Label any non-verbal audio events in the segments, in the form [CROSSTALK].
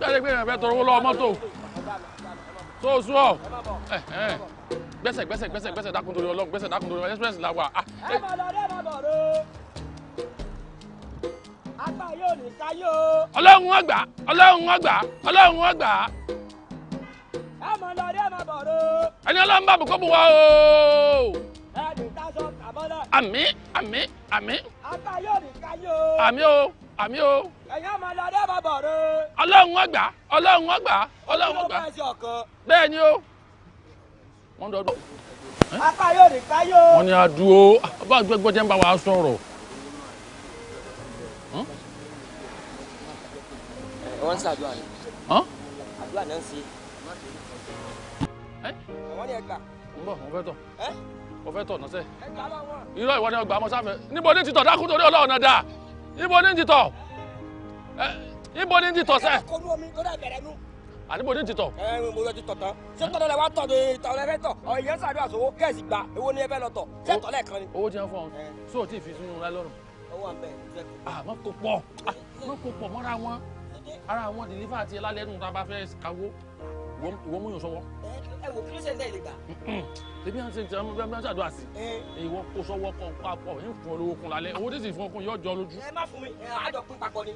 jáde pé ìrìnàfẹ́ tọrọ owó lọ́wọ́ mọ́tò tó sún ọ gbẹ́sẹ̀ gbẹ́sẹ̀ gbẹ́sẹ̀ gbẹ́sẹ̀ dákun torí Ọlọ́run gbẹ́sẹ̀ dákun torí Ọlọ́run express la wà. Ah, eh. ẹ bọ̀ lọ ẹ yóò Ọlọ́run ọgbà Ọlọ́run ọgbà Ọlọ́run ọgbà. ẹ mọ̀ lọ rí bọ̀ lọ. ẹni Ọlọ́run bá bùkún bù wá o. ẹ ní sásọ kàbọ́dọ̀. àmín àmín àmín. àgbà yóò ní sáyé o. àmín o àmín o ẹ̀yin ọmọ aládé bá bọ̀ rẹ. ọlọ́run wọn gbà ọlọ́run wọn gbà ọlọ́run wọn gbà. bẹ́ẹ̀ ni o. wọ́n dọ́dọ̀. akáyọ̀ ní káyọ̀. wọ́n ní adúó bá a gbẹ́gbọ́ jẹ́ ń bá wa sọ̀rọ̀. wọ́n ń ṣàdúrà ni. àdúrà náà ń ṣe. àwọn ni ẹ gbà. ń bọ̀ wọ́n fẹ́ tọ̀ o fẹ́ tọ̀nà sẹ́ irọ́ ìwọ ni ọgbà ọmọ sáfẹ́ níbo ní ti tọ̀ dákú torí ọlọ́ọ̀nà dáa níbo ní ti tọ̀ ibo ni ti tọ̀ sẹ́. kọlu omi kó dà bẹ̀rẹ̀ nu. àníbo ni ti tọ̀. ẹ mo lọ ti tọ̀ tán ṣé tọ́lẹ̀ wa tọ̀ de tọ̀ lẹ́fẹ̀ tọ̀ ọ̀ ìyẹn sàdúrà sówó kẹ́sì gbà èwo ni ẹ fẹ́ lọ tọ̀ ṣé tọ́lẹ̀ kan ni. owó ti ń fọ so tí fi sunu rẹ lọ́rùn. owó à ń bẹ̀ ẹ̀ àmọ́ kò pọ̀ àmọ́ ah, kò pọ̀ mọ́ra wọn ara wọn deliver ti lálẹ́ nù tá a ìwọ mú yàn sọwọ. ẹ wò kí ló ṣe ń dẹ́ ìlẹ̀gbà. ṣebí àti ṣe àmọ́ bí wọ́n ṣàdúrà sí. ìwọ kó sọ́wọ́ kan ń fún olówó kun lálẹ́ owó tí sì fún ọkùnrin yóò jọ lójú. ẹ má fún mi àjọ pín papọ̀ ni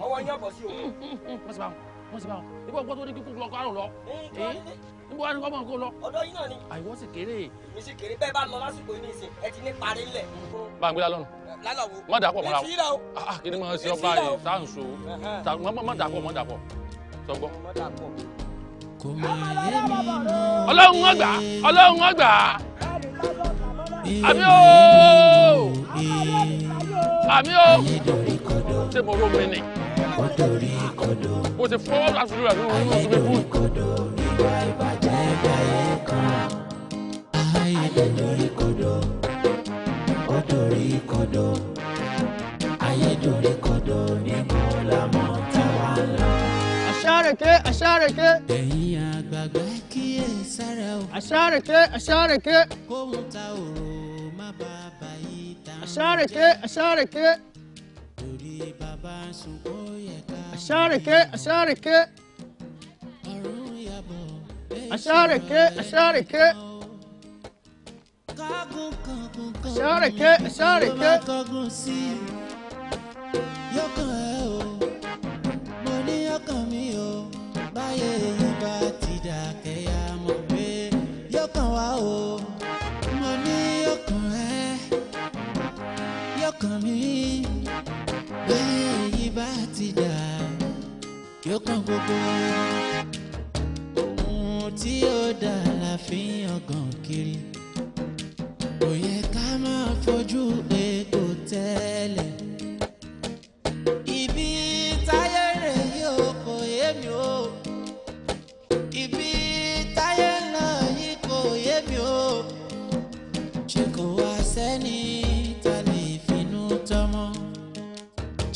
ọwọ́ yín ọ̀bọ̀ sí o. wọ́n sì bá wọn wọ́n sì bá wọn ibà gbọ́dọ̀ ní kíkú lọ́kọ́ àrùn lọ. níbo wá ní kọ́mọ̀ kó lọ. ọ̀dọ̀ yín náà ni. àìwọ́ sì kéré. mi sì kéré bẹ́ẹ̀ bá lọ lásìkò yìí nìsín ẹ ti ní parí ńlẹ̀. bá a gbé lálọ́nù. lálọ́wọ́ má dàpọ̀ mọ́ra o. Ah, ah, kí ni mo ṣe ọba yìí tá ń so má dàpọ̀ má dàpọ̀ sọgbọ́n ọlọ́run ọgbà ọlọ́run ọgbà àmì o àmì o ṣé mo rò ni mo ti fọwọ́ àṣírí rẹ̀ lórí oṣù mi fún. Ayédori kodo, odori kodo, ayédori kodo ni mo la mọ̀ tá lọ àṣàrèké àṣàrèké. ẹ̀yin àgbààgbà kíyè sára o. àṣàrèké àṣàrèké. kóhun ta òrò má bàa bàyí ta. àṣàrèké àṣàrèké. torí bàbá sunkún yẹ ká. àṣàrèké àṣàrèké. ọ̀run yàbọ̀ bẹ́ẹ̀ àṣàrèké àṣàrèké. kágun kankan kan. àṣàrèké àṣàrèké. ló máa kọ́gun sí i. o mo ní ọkàn yọkàn mi báyé yìí bá ti dà yọkàn gbogbo ohun tí ó dà la fi ń yangàn kiri kò yẹ ká máa fojú egbò tẹ́lẹ̀.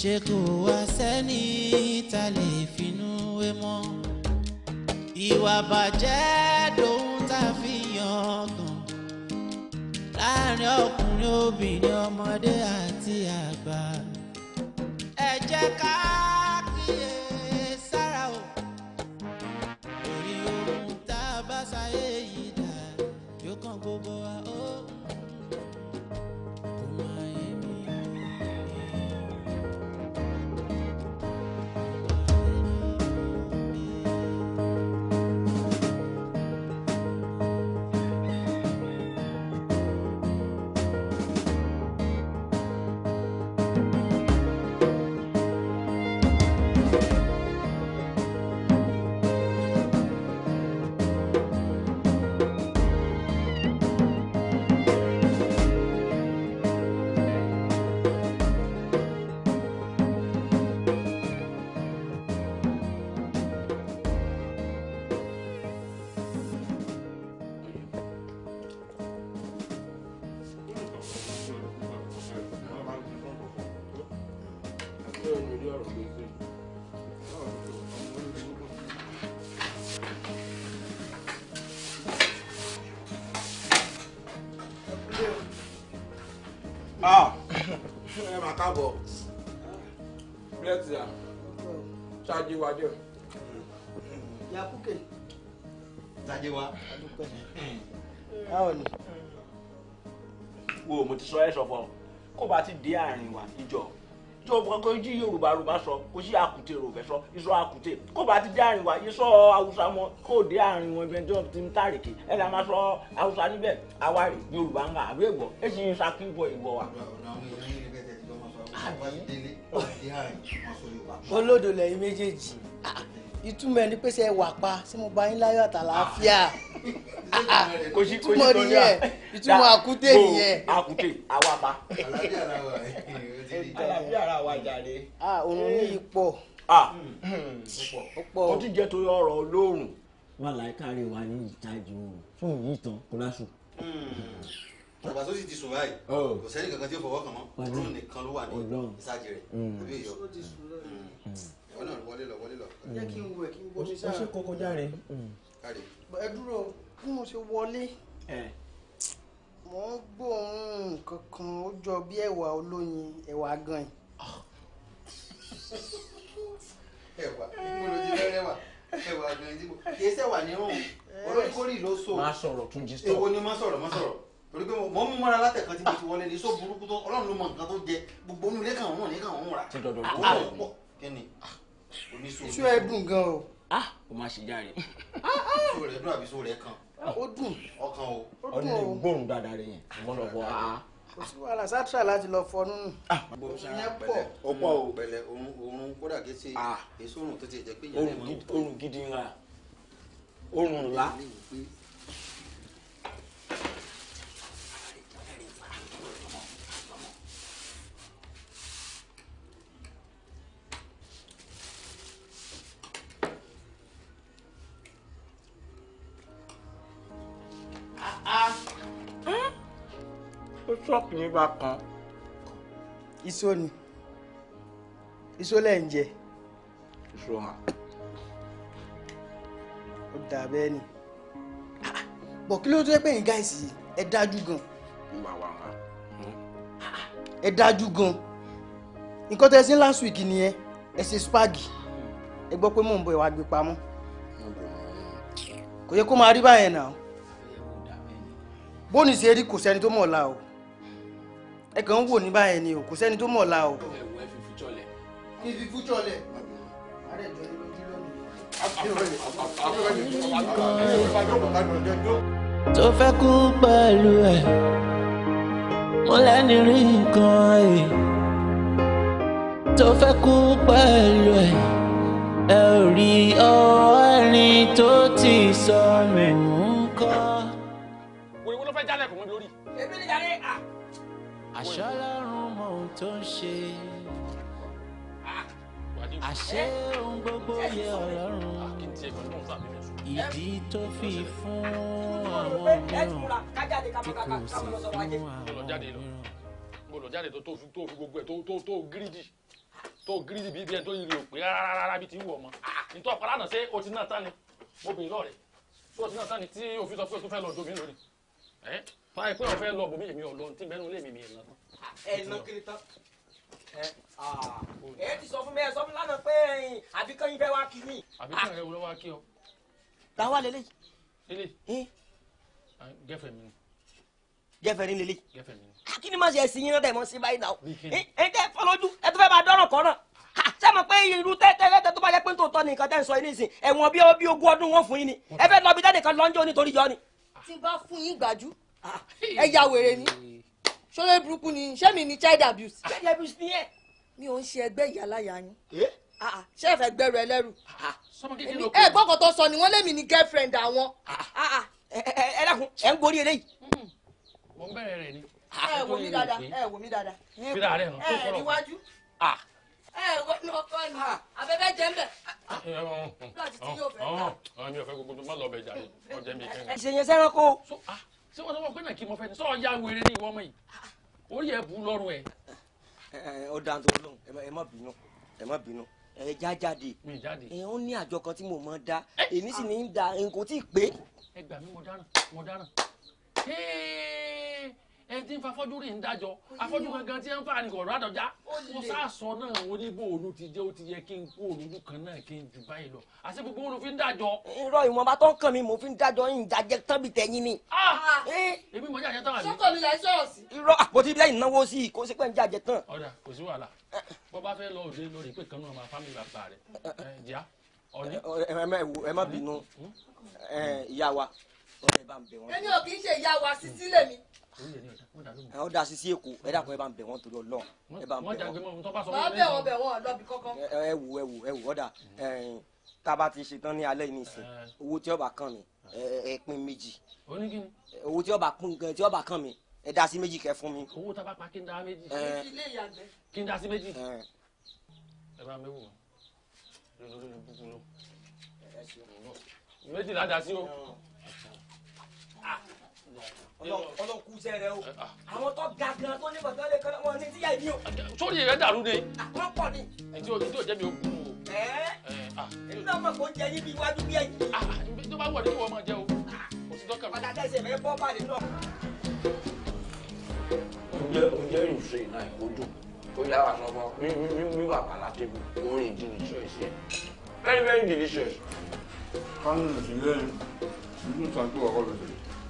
ṣé kò wá sẹ́ni tá lè finú wé mọ́ ìwà bàjẹ́ lòun tá fi yan kàn láàrin ọkùnrin obìnrin ọmọdé àti àgbà ẹ jẹ́ ká kíyè sára o náà ni. wo mo ti sọ ẹ sọ fún kó bá ti dé àárín wa ìjọ tó kọkọ jí yorùbá yorùbá sọ kó sí àkùtè rò fẹ sọ iṣọ àkùtè kó bá ti dé àárín wa iṣọ haúsá wọn kó dé àárín wọn ibẹ tó ti ń tàrìkì ẹ là máa sọ haúsá níbẹ̀ àwárí yorùbá ń bá àbí ègbọ ẹ sì ń sakíbọ ìbọ wa. olódò lẹ́yìn méjèèjì hmm. ah, ah ìtumọ̀ ẹni pé ṣe é wà pa ṣé mo bá yín láyọ̀ àtàlàáfíà ah. ìtumọ̀ nìyẹn ìtumọ̀ àkúté nìyẹn. àkúté àwa pa. àlàáfíà ara wa eh, eh, jàre. Ah, òun ní eh. ipò. mo ah. ti jẹ́ torí ọ̀rọ̀ olóòrùn. wà láìka rẹ̀ wá ní ìtajú fún yìí tán kóláṣù hmm. bàbá tó sì ti sùn báyìí oh. kò sẹ́ni kankan tí ó fọwọ́ kàn mọ́ ọdún nìkan ló wà ní ìsájì rẹ̀ hmm ìwọ náà wọlé lọ wọlé lọ. jẹ́ kí n wẹ̀ kí n wọlé sáà. ó ṣe kókó járe. Mm. ẹ dúró bí mo ṣe wọlé mò ń gbóòórùn kankan ó jọ bí ẹ̀wà olóyin ẹ̀wà gan-an. ẹ̀wà ìgbòho ti rẹ́rẹ́ wà ẹ̀wà gan-an ìdìbò kì í sẹ́wà ní rùn olóríkórì ló so. má sọ̀rọ̀ tún jí sọ. èwo ni má sọ̀rọ̀ má sọ̀rọ̀ torí pé mo mú mọ́ra látẹ̀kan tí mo ti wọlé ní so burúkú tó ọlọ́run ló mọ nǹkan tó jẹ gbogbo onílé kan òun ní rà. ti dọ̀dọ̀ kó lọ kí ni iṣu ẹ dùn gan o. ah o máa ṣe járe. Ah, ah, ah. iṣu rẹ dùn àbí iṣu rẹ kan. ó dùn ọkàn o. ó dùn o ọdún gbóòórùn dáadáa rẹ yẹn mo lọ bọ aa. kò sí wàhálà sátírà láti lọ fọnú nù. ìyẹn pọ̀ ọ̀pọ̀ o. pẹ̀lẹ́ oorun kódà kí ṣe èso oorun tó ti jẹ pé yẹn lè mọ. oorun gidi ńlá oorun ńlá yín bá kan. iṣó ni iṣó lẹ̀ ń jẹ. iṣó hàn. ó dà bẹ́ẹ̀ ni bọ̀ kí ló tó yẹ pé yín gáìsì ẹ dájú gan. wà wà wà. ẹ dájú gan nǹkan tẹ́ ẹ ṣe last week nìyẹn ẹ ṣe spagi ẹ gbọ́ pé mò ń bọ̀ ẹ wá gbé pamọ́ kò yẹ kó máa rí báyẹn náà bóònù ṣe rí kò sẹ́ni tó mọ̀ ọ́ la o ẹ kàn ń wò ní báyẹn ni o kò sẹ́ni tó mọ̀ la o. ẹ fi fújọ́ lẹ̀. tó fẹ́ kú pẹ̀lú ẹ̀ mo lẹ́ni rí nǹkan ẹ̀ tó fẹ́ kú pẹ̀lú ẹ̀ ẹ ò rí ọ̀rìn tó ti sọ mẹ́wọ́n. àṣọ ọlọ́run mọ ohun tó ń ṣe àṣẹ ohun gbogbo yẹ ọlọ́run ìdí tó fi fún àwọn mìíràn tí kò sì fún àwọn mìíràn. mo lọ jáde tó tó fi gbogbo ẹ tó tó gírídì tó gírídì bíi bíi ẹni tó yìí rè ó pé rárá bí ti ń ọmọ nítorí ọ̀pọ̀ lánàá ṣé o ti náà tán ni mo bèèrè lọ́ọ̀rẹ́ ṣé o ti náà tán ni tí òfin sọ pé o tún fẹ́ lọ domi lónìí. báyìí pé o lọ bòmí èmi ọ̀lọ́ tí bẹ́ẹ̀ ní olé mi mi ìlànà ẹ̀nà kiri tán ẹ ti sọ fún mi ẹ sọ fún lánàá pé ẹ̀yin àbíkán yín fẹ́ wá kí mi. àbíkán rẹ wúlọ wá kí ọ. ta wá lélẹ̀. lélẹ̀ gẹ́fẹ̀ mi ni. gẹ́fẹ̀ ni lélẹ̀. gẹ́fẹ̀ mi ni. kí ni màá ṣe ẹ̀sìn yín náà tẹ̀mọ́ sí báyìí náà. ẹ tẹ́ fọlọ́jú ẹ tó fẹ́ máa dọ́rọ̀ kọ́ náà ṣé mo pé irú tẹ́tẹ́tẹ́ tó bá jẹ́ pé tòótọ́ ni nǹkan tẹ́ ń sọ yín nísìn ẹ̀wọ̀n bí bí ogún ọdún wọn fún yín ni ẹ fẹ́ lọ bí dẹ́nìkan lọ́njọ́ nítorí yọ ni. tí bá fún yín gbàjú ẹ ya wèrè ni ṣọlẹ burúkú ni ṣé mi ni child abuse. child abuse ni ẹ. mi ò ń ṣe ẹgbẹ́ ìyáláyà yín. ṣé ẹ fẹ́ gbẹ́rù ẹlẹ́rù. ẹ gbọ́kàn tó sọ ni wọ́n mi ni girlfriend àwọn. ẹ dákun ẹ ń gorí eléyìí. mo ń bẹ̀rẹ̀ rẹ̀ ni. ẹ wò mí dáadáa ẹ wò mí dáadáa. fira rẹ hàn tó kọrọ. ẹ níwájú. ẹ wọ ní ọkọ ni abẹ́bẹ́ jẹ́ ń bẹ̀. mi ò fẹ́ gbogbo tó má lọ bẹ̀ jà ní ọjọ́ mi kẹ́hìn. ìṣèyẹn sẹ́ranko ṣé wọ́n sọ pé náà kí mo fẹ́ ni sọ ya wèrè ní ìwọ́n mọ̀ yìí orí ẹ̀ bù lọ́rùn ẹ̀. ó dáa tó lóhùn ẹ má bínú ẹ má bínú ẹ já jáde ẹ ó ní àjọ kan tí mo mọ dá èmi sì ní í da nǹkan tí ì pé. ẹ gbà mí mo dáràn mo dáràn ẹni tí ń fa afọ́jú rí ń dájọ́ afọ́jú gangan tí ń fa ni kò rádọ́já mo sáàsọ náà wọn ní ti jẹ́ ó ti yẹ kí n kó olójú kan náà kí n jù báyìí lọ àti gbogbo olú fi ń dájọ́. irọ́ ìwọ̀nba tó ń kàn mí mo fi ń dájọ́ ń jajẹ́ tán bí tẹ̀yìn ni. Ah! Ah! èmi eh? ah, mo jàjẹ́ tán àbí. sọ́kọ̀ mi là ń irọ́ àpótí bí lẹ́yìn náwó sí i kó ṣe ń jàjẹ́ tán. ọ̀dà kò sí wàhálà bọ́ bá fẹ́ lọ òde lórí pé kan náà máa fámìlì ẹ ọ da sisi èkó ẹ dàkọ ẹ bá ń bẹ wọn torí Ọlọ́run ẹ bá ń bẹ wọn. wọn bẹ wọn bẹ wọn lọbi kọkọ. ẹ wò ẹ wò ẹ wò ọ̀dà tába ti ṣetán ní alẹ́ nísìn owó tí ọba kàn mí ẹ pín méjì owó tí ọba pín gan tí ọba kàn mí ẹ dá sí méjì kẹ fún mi. owó tába pa kí n dá méjì. kí n dá sí méjì. ẹ bá mi wò lórí lórí búkú ló méjì la dá sí o ọlọ́kù sẹ́ rẹ o ah, ah. àwọn tó ga gan tó ní bàtà lè kọ́lá wọn ní tíyà ìbí o. sórí rẹ dàrú ni. àwọn ah, pọ̀ ni. ètò ètò ìjẹ́ mi ò kú o. èmi náà mọ̀ kó ń jẹ níbi iwájú bí ẹ̀yìn. tó bá wọ̀ ní ìwọ ọmọ jẹ o kò sí dọ́kà mi. ọ̀dà tẹ̀sẹ̀ fẹ́ bọ́ bàdé náà. oúnjẹ oúnjẹ yóò ṣe iná ìkójú ó yára sọ fún mi mi wà pàlàtì mi orin delicious yẹn very very delicious. kánú ìsìnlẹ̀ ìlú ìtàkùn ọ̀rọ̀ lọ́sẹ̀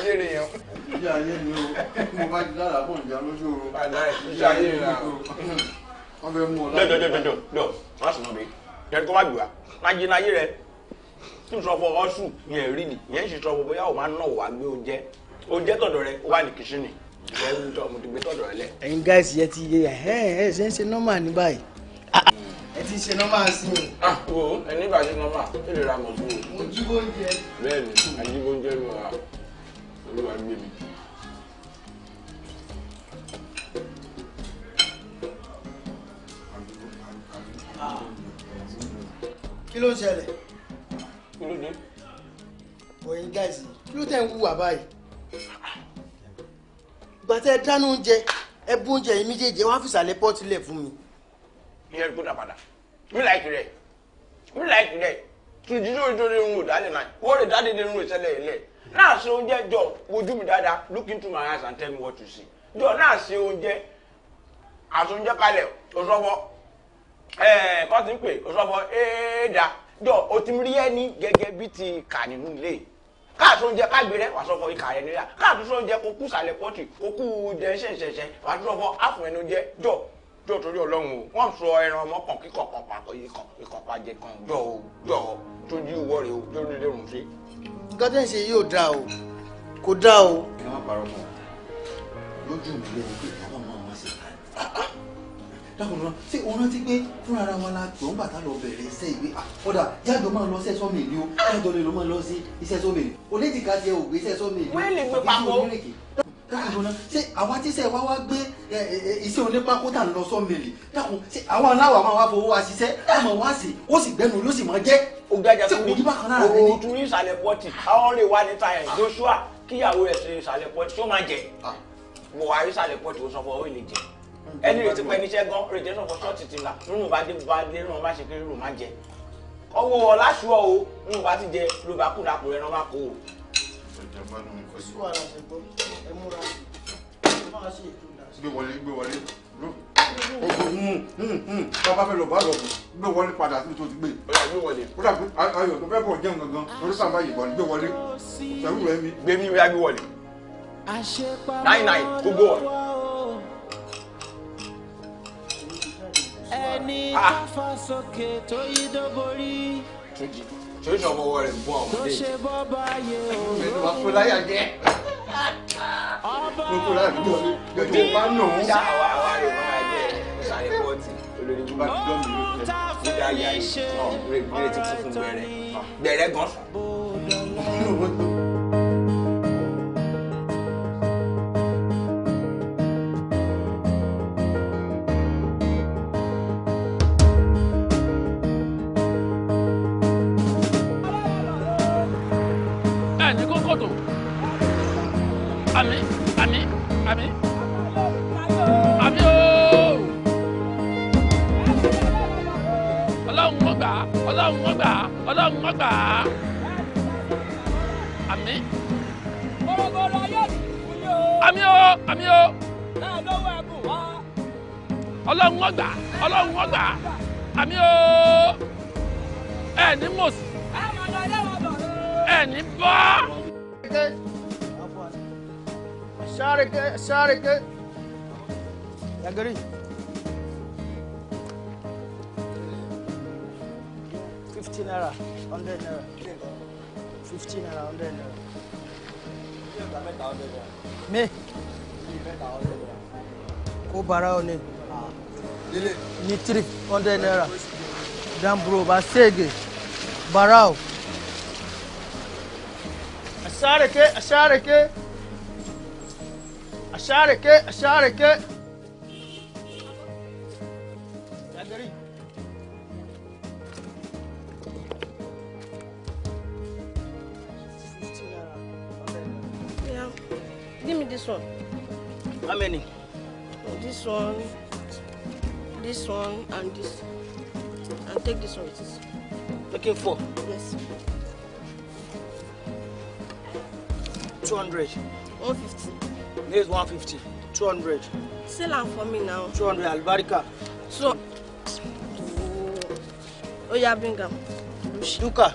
ayé nìyẹn. iṣẹ́ ayé ni o mo bá ti dára fún ìjà lóṣooṣù. iṣẹ́ ayé ni o wọ́n fẹ́ mú ọ láti. dọ̀dọ̀dọ̀dọ̀ dọ̀ wọ́n sì mọ̀ mi jẹ́ni kó má gbé má jẹ́ náyé rẹ̀ tí n sọ fún ọ sùn yẹn rí ni yẹn sì sọ fún bóyá o máa ń nà wá gbé o jẹ́ o jẹ́ tọ̀dọ̀ rẹ o wà ní kìsìnì ẹ̀yin guys yẹ ti yẹ ẹ ẹ ṣe ń ṣe nọ́mà ní báyìí. ẹ ti ṣe nọ́mà sí i. wo ẹni bá ṣe nọ́mà ó lè ra mọ̀jú o. mo jí bóúnjẹ. bẹ́ẹ̀ni àjíbóúnjẹ ló wà ló máa ń gbé mi. kí ló ń ṣẹlẹ̀. kí ló dé. oyin gáàsì kí ló tẹ̀ ń hùwà báyìí. ìgbà tẹ́ ẹ dáná oúnjẹ ẹ bú oúnjẹ yìí méjèèjì ẹ wá fìsàlẹ̀ pọ́ọ̀tì lẹ̀ fún mi. ní ẹ̀rí kó dà padà mi láì tirẹ̀ mi láì tirẹ̀ tùjú lórí tó lè ń wò dálẹ̀ náà wọ́n lè dá dédé ń wò sẹ́lẹ̀ yìí lẹ̀. Now, ṣe oúnjẹ jọ wojú mi dáadáa look into my eyes and tell me what you see jọ now, ṣe oúnjẹ àṣoúnjẹ kalẹ̀ òṣọ́fọ́ ẹ̀ẹ́ kọ́ ti ń pè òṣọ́fọ́ éèdà jọ o ti rí ẹni gẹ́gẹ́ bí ti kà nínú ilé káàtó oúnjẹ kágbèrè wà sọfọ ikà rẹ nílà káàtó oúnjẹ kó kú sàlẹ̀ pọ́tì kó kú jẹ ṣẹ̀ṣẹ̀ṣẹ̀ wà sọfọ àfọ̀ ẹnu jẹ jọ jọ torí ọlọ́run o wọ́n sọ ẹran ọmọ kan kíkọ̀ kan pa ikọ̀ pa kan jọ o jọ o tójú ìwọ rẹ o jọ lórí lérùn sí nǹkan tẹ́ ń ṣe yóò dáa o kò dáa o. ẹ má parọ́ mọ́ lójú mi lẹ́nu pé ìyá náà máa ma ṣe báyìí. dákùnrin náà ṣé o rántí pé fúnra ara wa la gbọ́n bàtà lọ bẹ̀rẹ̀ iṣẹ́ ìwé ah, ọ̀dà jáde máa lọ iṣẹ́ sọ́mi ìlú o jáde lọ máa lọ sí iṣẹ́ sọ́mi ìlú o léjìká tiẹ̀ ògbé iṣẹ́ sọ́mi ìlú o ti sọ́mi ìlú dákùnrin ṣé àwa tíṣẹ́ wa wá gbé iṣẹ́ onípákó tà ń lọ sọ́ọ̀mẹ̀lì dákùn ṣé àwọn aláwọ̀ máa wá fowó wa ṣiṣẹ́ àmọ́ wá sí ó sì gbẹ́nu ló sì máa jẹ́. ó gbàjà tó ní òòtún ní ìsàlẹ̀ pọ́tì àwọn ọ̀rẹ́ wa níta ẹ̀ Joshua kíyàwó ẹ̀ sí ìsàlẹ̀ pọ́tì tó máa jẹ mo wà rí ìsàlẹ̀ pọ́tì ó sọ fún ọ ìlè jẹ ẹni rètí pẹ́ níṣẹ́ gan rètí sọ̀kọ̀ ṣọ́ọ̀tì ti là nínú bá dé bá dé nínú bá ṣe kiri rò má jẹ ọwọ́ ọ̀làṣùọ̀ o nínú bá ti jẹ ló bá kúndàkùn rẹ̀ náà bá kó o. ọ̀jọ̀gbọ́n mi kò sí wàhálà ṣe gbọ́ ẹ múra máa ṣe ètò bàbá fẹ́ lọ bá lọ gbé wọlé padà síbi tó ti gbé. ó dàbí ayọ̀ tó fẹ́ bọ̀ jẹun gangan lórí sàmbá yìnbọn ni gbé wọlé pẹ̀lú rẹ̀ mi. gbé mi wíwá gbé wọlé náì náì kó gbó wọlé. ẹni ká ah. fa sókè tó yí dóborí. tún jí ṣé ìṣàn ọmọ rẹ̀ ń bọ́ àwọn ọmọdé yìí mẹ́nu wá fún láyà jẹ́ gbogbo láti jọ jọjọ bá nù ún. ṣá wa wá lè máa jẹ sáré bọ́ọ̀tì olórí tó bá ti dọ́ mi lókè ní dáyà yìí náà gbére ti kún fún gbẹrẹ gbẹrẹ gan. àmì àmì ooo ọlọ́run wọ́n gbà ọlọ́run wọ́n gbà ọlọ́run wọ́n gbà àmì. gbogbo ayé ìdìbò yóò. àmì ooo àmì ooo. náà lọ́wọ́ ẹ̀bùn wá. ọlọ́run wọ́n gbà ọlọ́run wọ́n gbà àmì ooo ẹ̀ ní mòsì ẹ̀ ní bọ́. Şarkı, şarkı. Ya gari. Fifteen naira, hundred naira. Fifteen naira, hundred naira. Me. Ko bara o ne? Litri, hundred naira. Dan bro, ba sege. Barao. Asareke, asareke. Ashareke, Ashareke. Dagari. Yeah. Give me this one. How many? This one, this one, and this. And take this one with this. Looking for? Yes. 200. 150. This is 150. 200. Sell am for me now. 200 albarika. So, oh, yeah, bring am. Duka.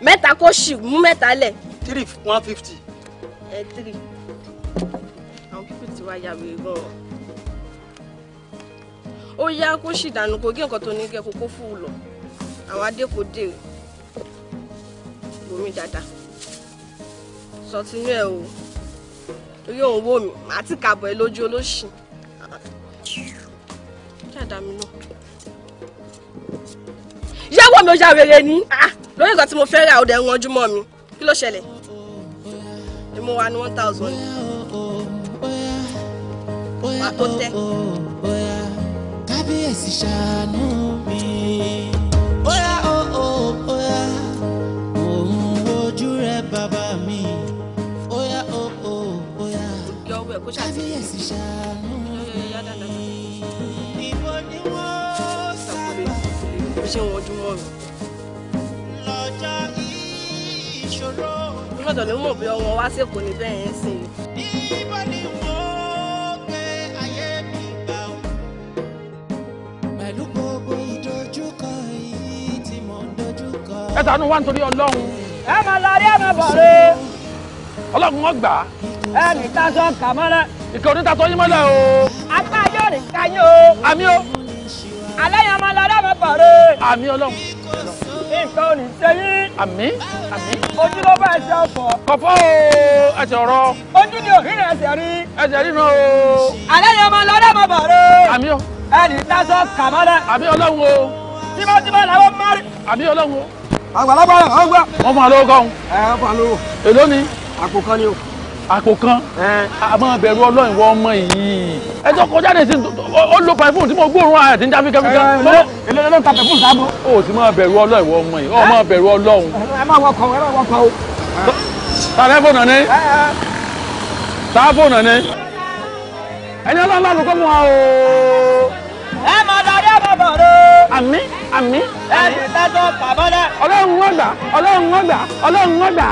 Mẹ́ta koshi, ṣì mú mẹ́ta lẹ̀. Three one fifty. Ẹ three. Àwọn pípì tí wá ya wèrè gan-an. Ó yá kó ṣì dànù kó gé nǹkan tó ní kẹ́kọ̀ọ́ kó fún o torí òun wò mí kàbọ̀ ẹ lójú olóṣì jáde mi náà ìyàwó mi ò ya rere ni ah, lórí nǹkan tí mo fẹ́ ra ọ̀dẹ̀ ń ranjú mọ́ mi kí ló ṣẹlẹ̀ èmo wa ni one thousand wà tó tẹ́. kábíyèsí ṣàánú mi. bóyá o oh, ò oh, bóyá. kó ṣàtì. kábíyèsí ṣàánú. ìbò ni wọ́n sábà. ṣé wọ́n dún wọ́n rò. lọ́jọ́ ìṣòro. nígbàdàn ló mọ̀ bí ọwọ́ wá sí èkó ní bẹ́ẹ̀ yẹn sí. ìbò ni wọ́n gbé ayé mi gbà ó. pẹ̀lú gbogbo ìdojúkọ yìí tí mò ń dojúkọ. ẹ ṣàánú wa nítorí ọlọ́run ẹ máa lọ rí ẹ máa bọ̀ rẹ ọlọ́run wọn gbà á ẹnì tasọ kà mọ́lẹ̀. ìkà òní tasọ yín mọ́lẹ̀ o. apá yóò rìn ká yín o. àmì o. alẹ́ yẹn máa lọ ọlọ́mọ pọ̀rẹ́. àmì ọlọ́run. nǹkan ò ní ṣe yín. àmì àmì. ojú ló bá ẹsẹ̀ ọ̀fọ̀. kọ̀fọ́ o ẹsẹ̀ ọ̀rọ̀. ojú ni òhìnrìn ẹsẹ̀ rí. ẹsẹ̀ rí nà o. alẹ́ yẹn máa lọ ọlọ́mọ pọ̀rẹ́. àmì o. ẹnì tasọ kà mọ́lẹ̀. àmì ọlọ́run o. tímọ́tímọ́ làwọn mọ́rí. àmì ọlọ́run o. àgbàlagbà rẹ̀ wọ́n gbà. wọ́n fún alówó kan. ẹ wọ́n fún alówó. èló ni. àpò kan ni o àpò kan àmọ́ bẹ̀rù ọlọ́run wọ ọmọ yìí ẹ tó kọjá ní ìsìn ó lo pẹfún tí mo gbóòórùn ara ẹ ti ń já fíkẹfíkẹ. èlé ló ń ta pẹfún sábò. o sì máa bẹ̀rù ọlọ́run wọ ọmọ yìí ọmọ bẹ̀rù ọlọ́run. ẹ máa wọkọ ẹ máa wọkọ o. tàlẹ́fọ̀nà ni tàlẹ́fọ̀nà ni ẹni ọlọ́run lánàá kọ́ mu wa o. ẹ máa darí ọmọ bọ̀ ro. àmín àmín. ẹ ti tẹ́tọ́ pàbọ́dẹ. ọlọ́run wọ́n gbà ọlọ́run wọ́n gbà ọlọ́run wọ́n gbà.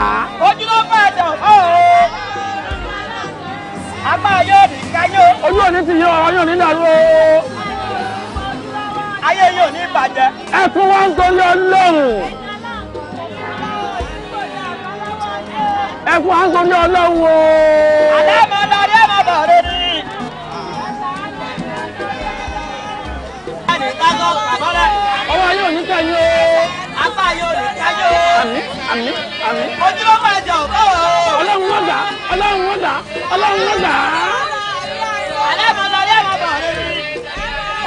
ojúlówó ẹ̀dọ̀ ọ̀ a máa yóò ní káyó. ojú òní ti yan ọ̀rọ̀ ní dàrú o. ayé yóò ní bàjẹ́. ẹ fún wa ń torí ọlọ́run. ẹ fún wa ń torí ọlọ́run o. àdámọ́ lọ rí bọ̀ rẹ ni. ọwọ́ yóò ní kẹ́yìn ayé olùdájọ́. àmín àmín àmín. ojú ló máa jà ọ̀bọ̀. ọlọ́run wọ́n dà ọlọ́run wọ́n dà ọlọ́run wọ́n dà. alẹ́ mọ lọ rí ẹ̀rọ bọ̀ rẹ.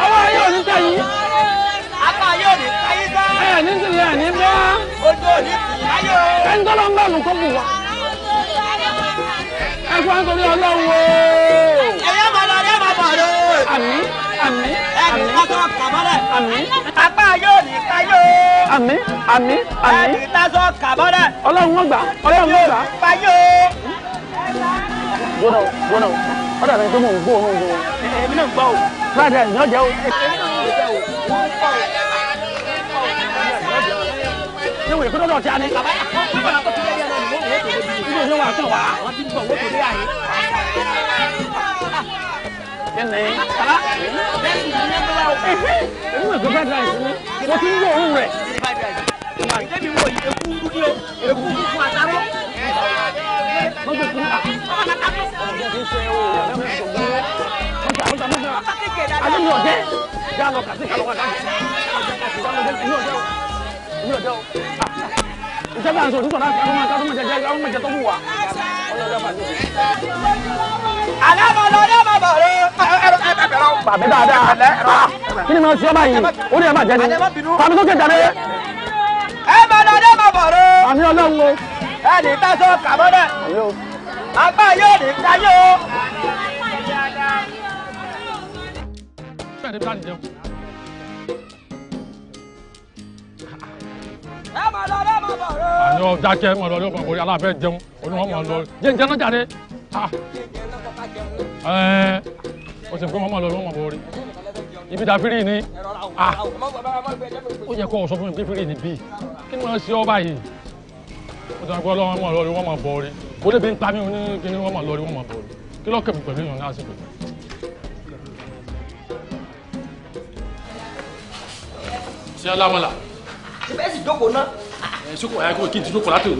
ọwọ́ ayé òní tẹ̀ yín. apá ayé òní káyé sá. ẹ̀ ní sílẹ̀ ẹ̀ ní bọ́. ojú òní tì láyò. kẹ́ńtọ́ ló ń bá nǹkan bù wá. ẹ fún wa nítorí ọlọ́run o. ẹ̀yẹ́ mọ lọ rí ẹ̀rọ bọ̀ rẹ. àmín àmín àmín kọ́tọ́ kàbọ́lẹ̀ àmín apá yóò ní ká yóò àmín àmín àmín ẹ̀ẹ́dì tásọ kàbọ́lẹ̀ ọlọ́run fúláàdì ẹ̀ yọ̀ọ́ o. ṣé wòye kótó lọ́ọ̀ a ní kíni. èmi mọ̀ pé bad rice ni mo ti ń gbọ́ òun rẹ̀. ìdẹ́bi wo yìí eku ń dúdú eku ń fún àtàrọ̀. mọ́tò kúrú à. ale ni ọdẹ ya lọ kasi kalọ wa kasi ni ọdẹ o ni ọdẹ o ìjọba àti òtútù náà kí a tó máa jẹ tó fún wa ọlọdẹ bá ti sùn alẹ́ dáadáa. Kí ni mo ṣe ọba yìí? Ó ẹ má jẹ ni. sókè jáde. Ẹ mọ lọ ní ọmọ bọ̀rọ̀. ọlọ́run o. Ẹ ní tásọ kàmọ́dà. Àgbà yóò ní táyé o. Ẹ mọ lọ ní ọmọ Àyọ̀ dákẹ́ mọ̀ lọ alábẹ́ jẹun. Olúwa mọ̀ Jẹ́ ń jẹ́ náà Ah. ẹ o ṣe fún ọmọ lọ lọ́wọ́ bọ̀ rí ibi ta firi ni ah. ó yẹ kó o sọ fún mi pé firi ni bíi kí ni wọ́n ṣe ọ́ báyìí o ṣe fún ọmọ lọ rí wọ́n mọ̀ bọ̀ rí kó débi ń pa mí ní kí ni wọ́n mọ̀ lọ rí wọ́n mọ̀ bọ̀ rí kí lọ́kàn mi pẹ̀lú ìyọ̀nà àṣepẹ̀. ṣé ẹ lámọ́lá. ṣé bẹ́ẹ̀ sì jókòó náà. ẹ ṣókò ẹ kí n ti jókòó látòun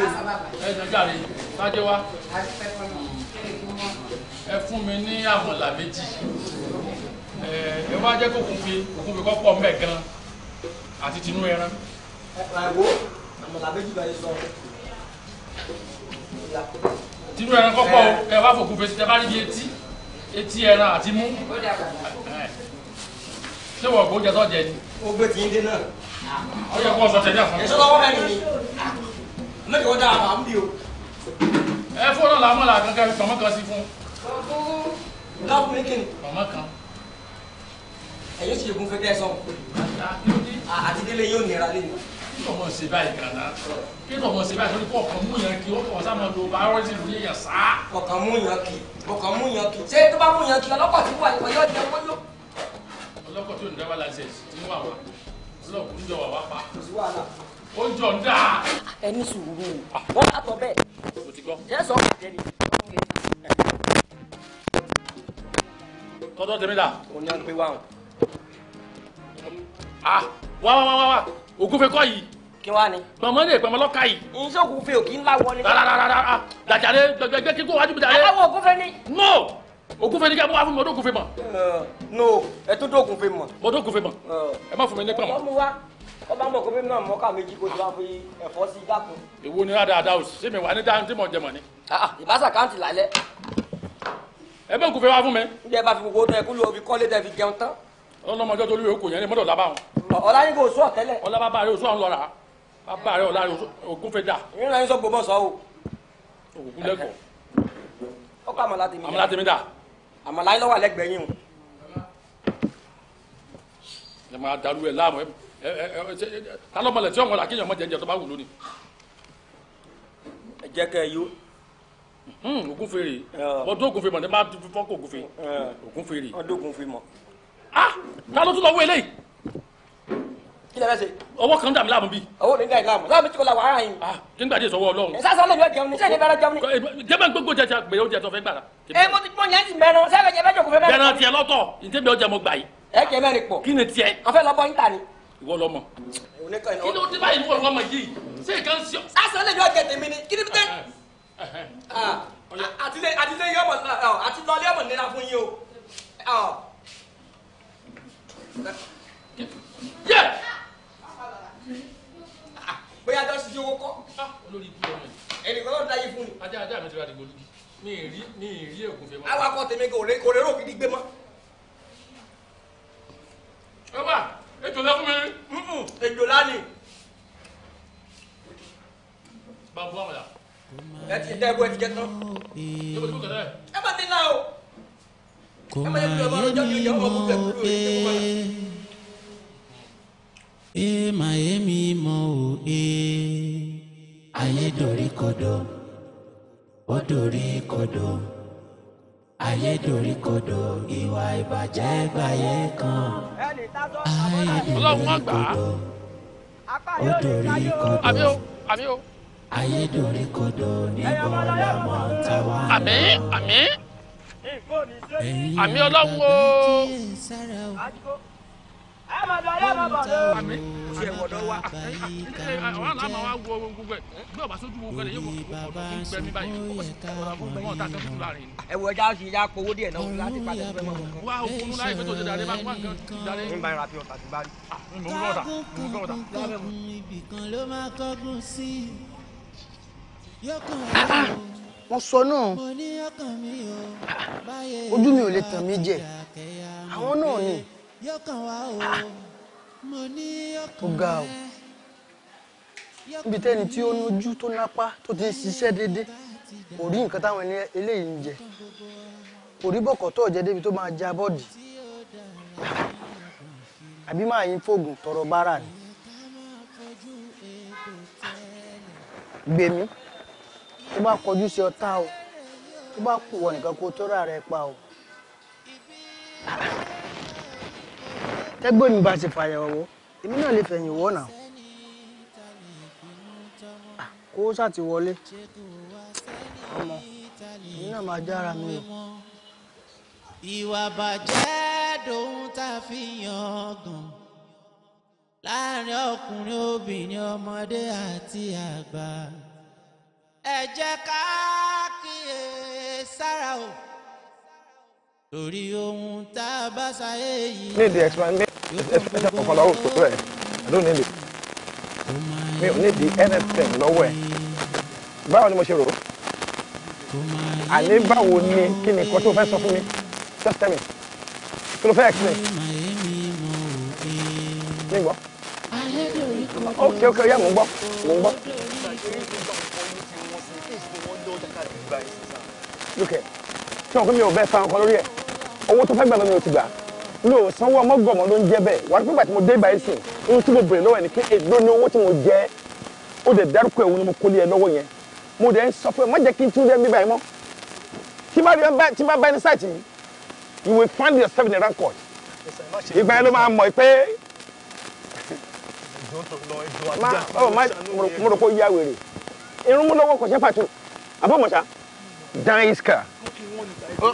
ẹ jọjá rẹ sáájẹ wá ẹ fún mi ní àmàlà méjì ẹ wá jẹ́ kó kúnfe kúnfe kọ́ pọ̀ mẹ́ gan àti tinú ẹran. ẹ̀wọ̀ àmàlà méjì bá yẹ sọ. tinú ẹran kọ́ pọ̀ o ẹ wá fòkun fèsì tẹ bá rí bí etí etí ẹran àti mú. ṣé wọ́n kò jẹ́ sọ́jẹ́ ni. ó gbé tí ń dé náà. ó yẹ kó sọ tẹ̀lé àfọ̀n. èso lọ́wọ́ mẹ́rin ni lókè ọ̀dà àmà ń bí o. ẹ fún ọ̀nà làwọn ọ̀là kankan fi pamọ́ kan sí fún. lákùnrin kìnnì. pamọ́ kan. ẹ̀yọ́ sì yẹ̀kún fẹ́ kẹ́ ẹ sọ. àti délé yóò nira lé mi. kí ló mọ̀ ṣe báyìí kan náà kí ló mọ̀ ṣe báyìí torí pé ọkàn mú yàn kí ọkàn sá máa lo báwọ́rọ́sì lórí èèyàn sá. ọkàn mú yàn kí ọkàn mú yàn kí ṣé tó bá mú yàn kí ọlọ́kọ̀ tí wà ọyọ́ jẹ wọ́yọ́. ọlọ́kọ̀ tó ń dábàá lásẹ̀ tí ó jọ ń dà. sùúrù wọn bá tọ bẹ́ẹ̀. o ti gbọ́. ṣé sọ pàdé ni. tọ́tọ́ tèmi dà. o ní àgbẹ̀ wa o. a wá wá wá wá ògúnfẹ kọ́ yìí. kí wàá ni. pọ̀nmọ́ lè pọ̀nmọ́ lọ́ka yìí. iṣẹ́ ògúnfẹ ò kí ń láwọ ni. rárá dàjàre gbẹgbẹ kí kó wájú mi dàjàre. aláwọ̀ ògúnfẹ ni. no ògúnfẹ ni kí a bọ́ wá fún mi mo dógúnfẹ mọ̀. Eh, no ẹ tún dógúnfẹ mọ̀. mo dógúnfẹ mọ̀ eh. ẹ má fún mi ní pàmò. ọmọ wa ọba ń bọ̀ kó bí náà mọ́ká méjì kó ti wá fi ẹ̀fọ́ sí dákun. èwo ni dáadáa òsì sí mi wà ní dáhùn tí mò ń jẹ mọ̀ ni. Ah, ìbáṣà káǹtì lálẹ́. ẹ bẹ́ẹ̀ kò fẹ́ wá fún mi. ǹjẹ́ bá fi wo tẹ kó lo omi kọ́lé tẹ fi jẹun tán. ọlọmọjọ tó lóye okò yẹn ni mọ́tò lábá wọn. ọ̀la yín kò sọ tẹ́lẹ̀. ọ̀la bàbá rẹ̀ òsùn àwọn lọ́ra bàbá rẹ̀ ọ̀la ògùn fẹ́ dà. ìrìnà yín sọ gbogbo sọ o. ògùn lẹ́kọ̀ọ́. ọkọ àmàlà tèmi dà. àmàlà tèmi dà. àmàlà yín lọ́wọ́ àlẹ́gbẹ̀ẹ́ yín o. ẹ máa darú ẹ láàmú ẹ ẹ talọmọlẹ tí ọmọlẹ akéèyàn mọ jẹjẹ tó bá wù lónìí. ẹ jẹ́ yó. Hmm, ògùn fèrè bọ́dún ògùn fèrè mọ̀ ní bá fọ́kọ̀ ògùn fèrè ògùn fèrè. ọdún ògùn fèrè mọ̀. ah ta ló tún lọ wọ eléyìí kí lè fẹ́ ṣe. ọwọ́ kan dàmí láàmú bí. ọwọ́ ní dàmí láàmú láàmú tí kò la wàhálà yín. ah kí n gbàdé sọwọ́ ọlọ́run. sásán lè yọ jẹun ní sẹ́yìn bẹ́rẹ̀ jẹun ní. jẹ́bẹ̀ gbogbo jẹjẹ gbèrè oúnjẹ tó fẹ́ gbàrà. ẹ mo ti mọ yẹn ti mẹ́ran sẹ́yìn bẹ́rẹ̀ jẹ ìwọ lọmọ. kí ló dé báyìí ìwọ lọmọ yìí ṣé ìkan sí ọ. sásán lè yọ gẹ̀dẹ̀ mi ni kí ni bí tẹ́. àtìlẹ àtìlẹ yọ ọmọ àti lọlé ọmọ nira fún yín o. yẹ. bóyá jọ sí owó kọ́. Ah, olórí ibú ọmọ yìí. ẹnì kan ló dáyé fún mi. ajá ajá mi ti ra dìgbò lùgì mi ì rí mi ì rí ègùn fèmọ. awakọ̀ tèmi kò rérò gidi gbé mọ́. ọba ejò lẹ fún mi. ejò lánìí. bàbá àwọn yà. ẹ ti dẹ́ ẹgbẹ́ ti jẹ́ tán. ẹ bá ti ná o. ẹ má yẹ kí ọmọ ọjọ́ kìí yẹ ọmọ kúkú ẹ̀ kúrò ẹ̀ kúkú ẹ̀. Ee ma ye mi mọ o ee, ayé dorí kodò, ó dorí kodò ayédoríkodò ìwà ìbàjẹ́ gbàyé kan ayédoríkodò kodo. dorí kodò ayédoríkodò níbọn lámọ̀ ń ta wá. àmín àmín àmín ọlọ́run o àmì ṣe ẹ̀wọ̀dọ̀ wa àwọn àmà wọ́n sọ náà ojú mi ò lè tàn mí jẹ àwọn náà ni. yọkàn o mo tẹni ọ̀gá o níbi tẹ́ni tó nápá tó ti ń ṣiṣẹ́ déédéé kò rí nǹkan táwọn eléyìí ń jẹ kò rí tó jẹ débi tó máa ja bọ́ọ̀dì àbí máa yín fóògùn tọrọ bára ni gbèmí tó bá kọjú sí o tó bá wọ nìkan kó rẹ o. tẹ́gbọ́n mi bá ṣe fàyẹ̀wò èmi náà lè fẹ̀yìn wọ́ náà ah, kó sá ti wọlé ọmọ èmi náà máa jára mi o. ìwà bàjẹ́ dohun tá a fi yan gan láàrin ọkùnrin obìnrin ọmọdé àti àgbà ẹ jẹ́ ká kíyè sára o torí ohun tá a bá ṣayé yìí. ní ìdí explanation ẹsẹ kọkànlá ó sọ rẹ i don't need it mi ò need anything lọ́wọ́ ẹ̀ báwo ni mo ṣe rò ó àní báwo ni kí ni nǹkan tó fẹ́ sọ fún mi just tell me kí ló fẹ́ explain mi gbọ́ ok ok yẹ mo ń gbọ́ mo ń gbọ́. lókè tí wọn kò mi ò bẹ fa nǹkan lórí ẹ̀ owó tó fẹ́ gbà lọ́nà ló ti gbà lò sanwó ọmọgọ̀mọ́ ló ń jẹ́ bẹ́ẹ̀ wà á pípa tí mo dé báyìí sìn ohun tí mo bèrè lọ́wọ́ ẹni pé èdò ni owó tí mo jẹ́ ó dẹ̀ dárúkọ ẹ̀wọ̀n ni mo kó lé ẹ lọ́wọ́ yẹn mo dẹ̀ ń sọ fún ẹ má jẹ́ kí n tún dẹ́ bíbá yẹn mọ́ tí bá rí bá bá ẹni sáàtì you will find yourself in a rancor ìgbà yẹn ló máa mọ̀ pé oh, mo rò pé ó yá wèrè irun mú lọ́wọ́ kò pàtó àbọ̀mọ̀ṣá dan iska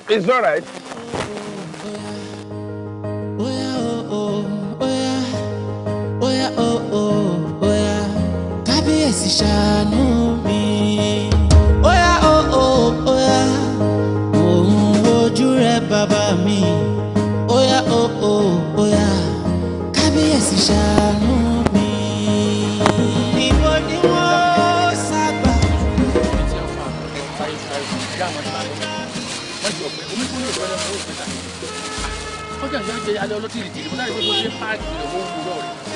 it's all right. bóyá o ò bóyá kábíyèsí ṣàánú mi. bóyá o ò bóyá òun wojú rẹ bàbá mi. bóyá o ò bóyá kábíyèsí ṣàánú mi. níbo ni wọ́n sábà. ọjọ́ ìyá jẹ mo dáre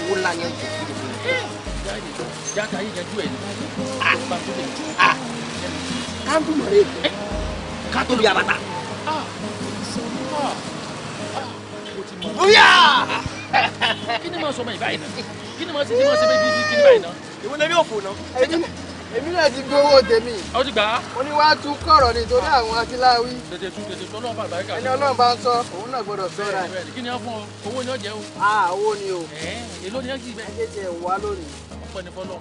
owó ńlá yẹn jù kí ló fẹ́. jáde ayé yanjú ẹ̀ ní. káńtù mọ̀rẹ́ káńtù lóye abata. bóyá. kí ni màá sọ ma ìbáyìí náà kí ni màá sọ ma ìbáyìí náà kí ni màá òfò náà èmi náà ti gbé owó tèmi. ó ti gbà á. ó ní wàá tú kọ̀rọ̀ ni torí ah. àwọn akíláwí. tètè tú tètè tó ọlọ́run bàbá ìkà. ẹni ọlọ́run bá ń sọ òun náà gbọ́dọ̀ sọ ra. kí ni wọ́n fún ọ owó ni ó jẹ́ o. a ah, owó ni o. ẹ èló ni ẹ kì í ẹ jẹ́ wá lónìí. ọ̀pọ̀ ni fọlọ́.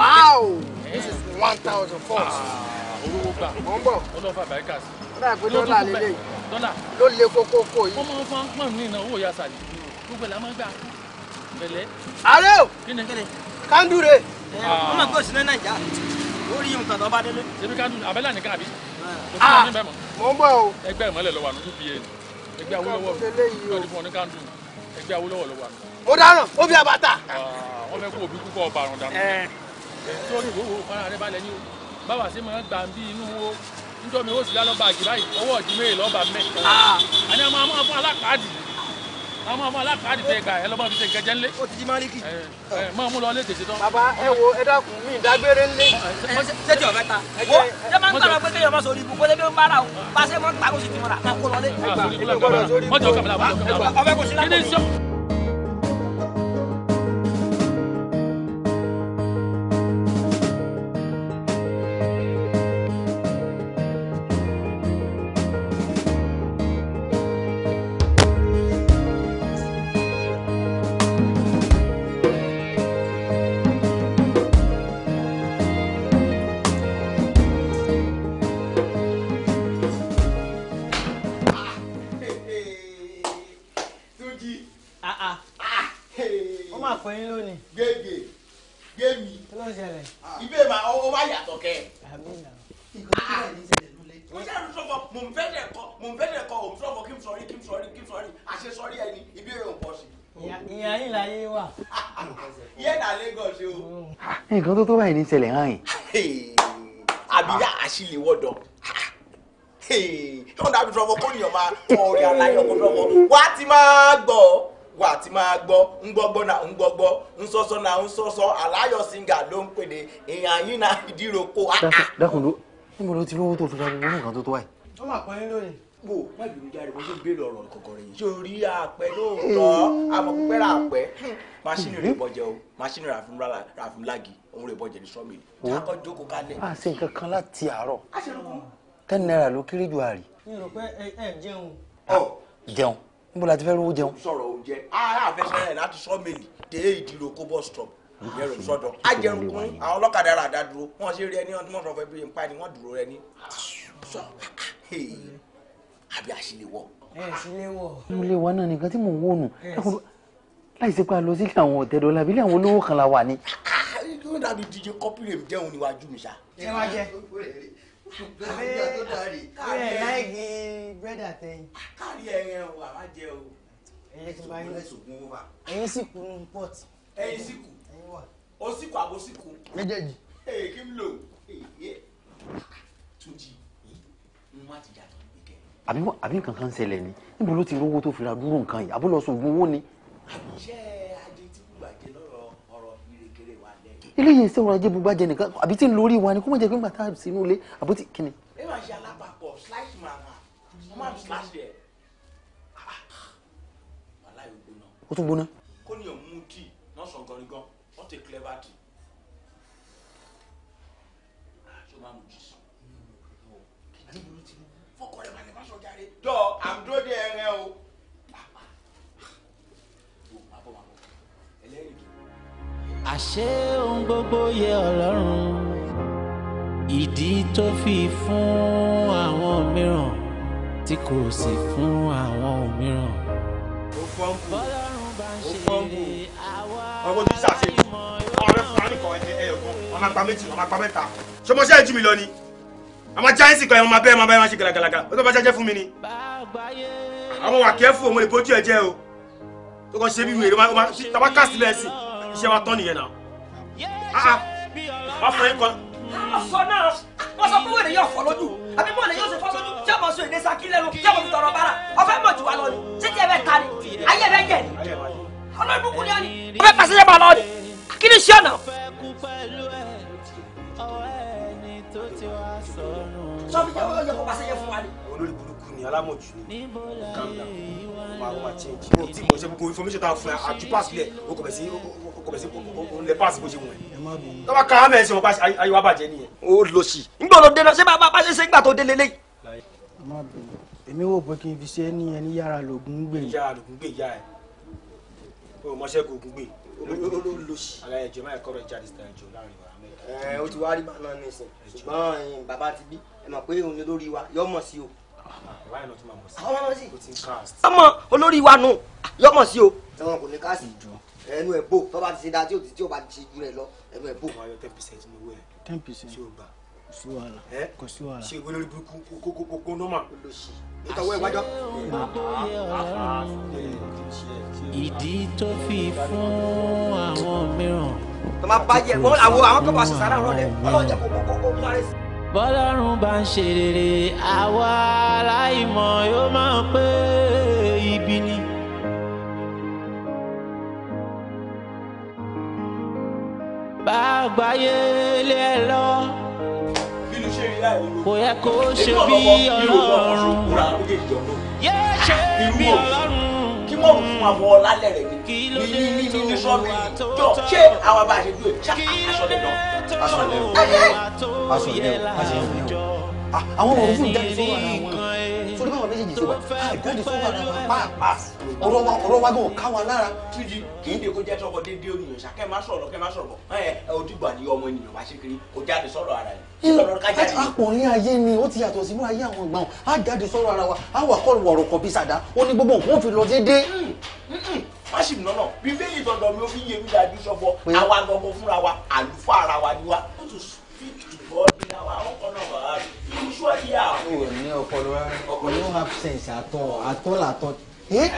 wow this is one thousand four. Ah, olówó gbà. mo ń bọ̀. ọlọ́run bàbá ìkà sí. dọ́là lélẹ̀ dọ́là ló le kókó kó yìí. ọmọ fún pọ́n mi náà owó yasàlì gbogbo làwọn gbà. bẹ̀lẹ́. àárẹ̀ o ọmọ kò sí ní nàìjà ó rí nǹkan tó bá délé. ṣebí ká dùn abẹ́là nìkan àbí. Ah. mo ń bọ̀ o. ẹgbẹ́ ìmọ̀lẹ̀ lọ́wọ́ àná uba ẹgbẹ́ awolowo ọdún fún ọ ní ká dùn ẹgbẹ́ awolowo lọ́wọ́ àná. ó dáná ó fi àbàtà. Ah, wọ́n fẹ́ kó òbí púpọ̀ ọba àrùn dànù. sórí eh. ìwòwò fara rẹ balẹ̀ ní o báwa sí máa gbà ń bí inú wo nítorí mi ó sì lálọ́ bá àgì báyìí ọwọ́ ọ̀dì mẹ́rin lọ́ọ́ bá mẹ́. Ah. àní a máa máa fún alápàdì ọmọ ọmọ alákàádì tẹ gbà ẹ lọ́mọ fi ṣe nǹkan jẹ́ ó ti di máríkì. ẹ mọ mú lọ lé tètè tán. ẹ wo ẹ dákun mi ìdágbére ńlé. ṣé ti ọ̀fẹ́ ta. wo ṣé máa ń tọrọ pé kéèyàn mọ sórí ibù kó ń bára o pàṣẹ mọ́ kó sì ti mọ́ra kó lọ lé. mọ́jọ́ kàmílà mọ́jọ́ kàmílà. ti máa gbọ́ wà tí na ńgbọ́gbọ́ ńsọ́sọ́ na ńsọ́sọ́ aláyọ̀ singa ló ń pèdè èèyàn yín na ìdíròkó. Ah, ah. dákun ló níbo ló ti rówó tó fi ra gbogbo nǹkan tó tó wáyé. ó mà má jáde mo ṣe béèrè ọ̀rọ̀ kọ̀ọ̀kan rẹ̀ yìí. àpẹ lóòótọ́ rẹ̀ níbo la ti fẹ́ rówó jẹun. sọ̀rọ̀ oúnjẹ ara àfẹsẹ̀rẹ̀ láti sọ́ọ̀mẹ̀lì dé ìdílé oko bus stop ìyẹn rẹ̀ sọ́dọ̀ àwọn ọlọ́kadà rà dá dúró wọ́n ṣe rí ẹni tí wọ́n sọ fẹ́ bí wọ́n dúró rẹ ní. sọ àbí àṣìlẹ̀wọ̀. ẹ ṣílẹ̀wọ̀. inú ilé wa náà nìkan tí mò ń wò nù láì sí pé a lọ sí àwọn ọ̀tẹ̀dọ́là bí àwọn olówó kan la wà ní. yóò ah, ah, ah, dàbí díje kọ́pìlẹ̀ jẹun níwájú mi ṣá. ẹ wá jẹ bẹ́ẹ̀ láìkí bírẹ́dà tẹ̀yìn. kárí ẹran o àwa jẹ o. ẹyin ti bá yín ẹyin sì kú nínú port. ẹyin sì kú o sì kú àbò sì kú. méjèèjì. ee kí n lò Túnjí n má ti yàtọ̀ níbi kẹ. àbí nǹkan kan ń ṣẹlẹ̀ ni níbo ló ti rówó tó fi ra dúró nǹkan yìí àbúlọ̀sùn ògùn owó ni. àbíṣẹ́ eléyìí ṣé ọrọ̀ ajé gbogbo ajé nìkan àbí tí ń lórí wa ni kó má jẹ́ pé gbàtà sínú ilé àbó tí kìnnì. ẹ máa ṣe alábàápọ̀ slash màmá wọ́n máa slash ẹ̀. Ah, ah. ó tún gbóná. àṣé ohun gbogbo yẹ ọlọ́run ìdí tó fi fún àwọn mìíràn tí kò sì fún àwọn mìíràn. ó fọ́nbù ó fọ́nbù ọwọ́ tó ṣàṣeyẹ ọ̀rẹ́ fún wa nìkan ẹ̀ ẹ̀ ọ̀gbọ́n ọmọ apá méjì ọmọ apá mẹ́ta ṣé mo ṣe é jù mí lọ ni àmọ́ jáyẹ́sì kan ẹ̀wọ̀n máa bẹ́ẹ̀ máa bá ẹ̀wọ̀n ṣe gàlagàlaga ó tó bá jẹ́jẹ́ fún mi ni àwọn wà kẹ́fù òun lè bójú ẹ̀ o tó kàn ṣe bí wèrè wọn tàbá kà iṣẹ́ wa tán nìyẹn náà ọmọ ah, ah. yín kan. sọ náà wọ́n sọ pé wọ́n lè yọ ọ̀fọ̀ lójú àbí wọ́n lè yọ ọ̀sẹ̀ fọ́ lójú tí a máa sọ èdè saki lẹ́nu tí a máa fi tọrọ bára ọ̀fẹ́ mọ̀ jù wá lọ ni títí ẹ bẹ ta ni ayé ẹ bẹ jẹ ni ọlọ́run búkú ni ọ ni ó bẹ pàṣẹ yẹn bá lọ ni kí ni iṣẹ́ náà. sọ fi jẹ́ wọ́n yọ ọkọ̀ pàṣẹ yẹn fún wa ni. olórí burúkú ni alámọ̀jù ni calm down máa wọ́n máa change. mo ti mọ̀ ṣe gbogbo information tá a fún ẹ àjùpá sílẹ̀ o kò bẹ̀ sí kò bẹ̀ sí kò lè pass bó ṣe wù ẹ́. tọ́ba ká àmì ẹ̀sìn bá ayé wa bàjẹ́ bá ṣe ẹ o mọṣẹ́ gògùn gbè olólùsì. alaye jọ máa kọrọ ìjà láàrin wa ẹ o ti wá rí bàbá mi ṣùgbọ́n bàbá ti bí ẹ mọ̀ pé òun lórí wa yọ mọ̀ sí o. Ah, àwọn ọmọ olórí wa nù yọ mọ̀ sí o. ẹ̀wọ̀n kò ní káàsì ẹnu ẹ bò tọ́ba ti ṣe dáa tí o ti tí o bá ti ju rẹ lọ ẹnu ẹ bò. wọ́n á yọ ten percent ní owó ẹ̀. ten percent tí o gbà. sí wàhálà kò sí wàhálà. ṣe olórí burúkú kó kó kó kó nọ́mà. olóṣì nítorí ẹ wájọ. ìdí tó fi fún àwọn mìíràn. tọ́ba bàjẹ́ wọ́n àwọn àwọn kọ́ bá ṣe rọ̀ dẹ̀ ọlọ́jà kò kó kó kó bọ́lọ́run bá ń ṣe rere àwa aláìmọ̀ yóò máa pé ibi ni. bá gbáyé lé ẹ lọ kò yẹ kó ṣe bí ọlọ́run yé ṣe bí ah, ọlọ́run kí wọ́n fún àwọn ọlálẹ̀ rẹ̀ ní ní ní ní ní sọ́ọ̀bì jọ ṣé àwọn bá ṣe dúró ṣá aṣọ lè aṣọ lè aṣọ lè aṣọ lè ah, àwọn òfin fún wa náà torí báwọn méjèèjì ti wà àìkóde sọ́wọ́ ara wọn pàápàá ọ̀rọ̀ wa ọ̀rọ̀ wa gan ká wa lára. tújì kì í de kó jẹ́ sọ́kọ déédéé oníyàn ṣá kẹ́ máa sọ̀rọ̀ kẹ́ máa sọ̀rọ̀ bọ̀ ẹ ojúgbà ni ọmọ ènìyàn wá ṣe kiri kó jáde sọ̀rọ̀ ara rẹ̀. akùnrin ayé ni ó ti yàtọ̀ sínú ayé àwọn ìgbà wọn á jáde sọ̀rọ̀ ara wa á wà kọ́ wọ̀rọ̀ kọ̀ bí sàdá ó ní gbogbo nǹkan ó fi lọ déédéé hmm, hmm, hmm. má sì nọ́nà bíbélì dandan mi ò fi yé mi dájú sọ́fọ́ àwa gbogbo fúnra wa àlùfáà ara wa ni wa speak to God in our own corner of our heart. You surely are. Oh, no, follow for no have sense at all at all at all eh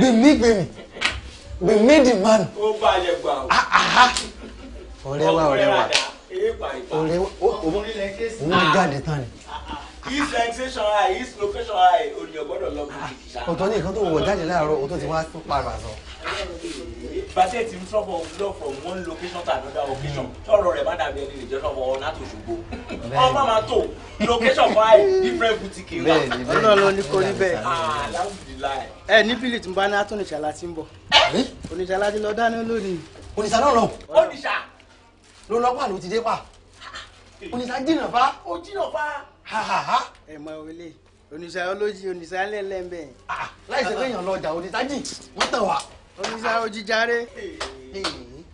be me be me man. ó bá a yẹ gbà o. Ah, ah, ah. ọ̀rẹ́ wa ọ̀rẹ́ wa ọ̀rẹ́ jáde tán ni. his sensation high his location high olùyọ̀gbọ́dọ̀ lọ́gbọ̀n. ọ̀tọ̀ ní nǹkan tó wọ̀ jáde láàárọ̀ ọ̀tọ̀ tí wọ́n á pààrọ̀ àṣọ ìbáṣẹ́ ti ń sọ́bọ̀ lọ from one location to another location tọrọ hmm. rẹ̀ má dàbí ẹni lè jẹ́ sọ́bọ̀ ọ̀nà tó ṣògbó ọmọ máa tó location five different boutique ńlá. ọ̀nà ló ní kórí bẹ́ẹ̀. Ah, ẹ ní bílì tí mo bá ní atúnìṣà la ti ń bọ̀ oníṣà la ti lọ dáná lónìí. oníṣà náà lọ. oníṣà. ló lọ pa ló ti dé pa oníṣà jìnnà fa. ó jìnnà fa. ẹ mọ ilé oníṣà olójì oníṣà lẹ́lẹ́ ń bẹ̀. láìsẹ̀ pé èèyàn lọ ọjà oníṣà jì wọ́n tàn wá oníṣẹ́ ojíjàre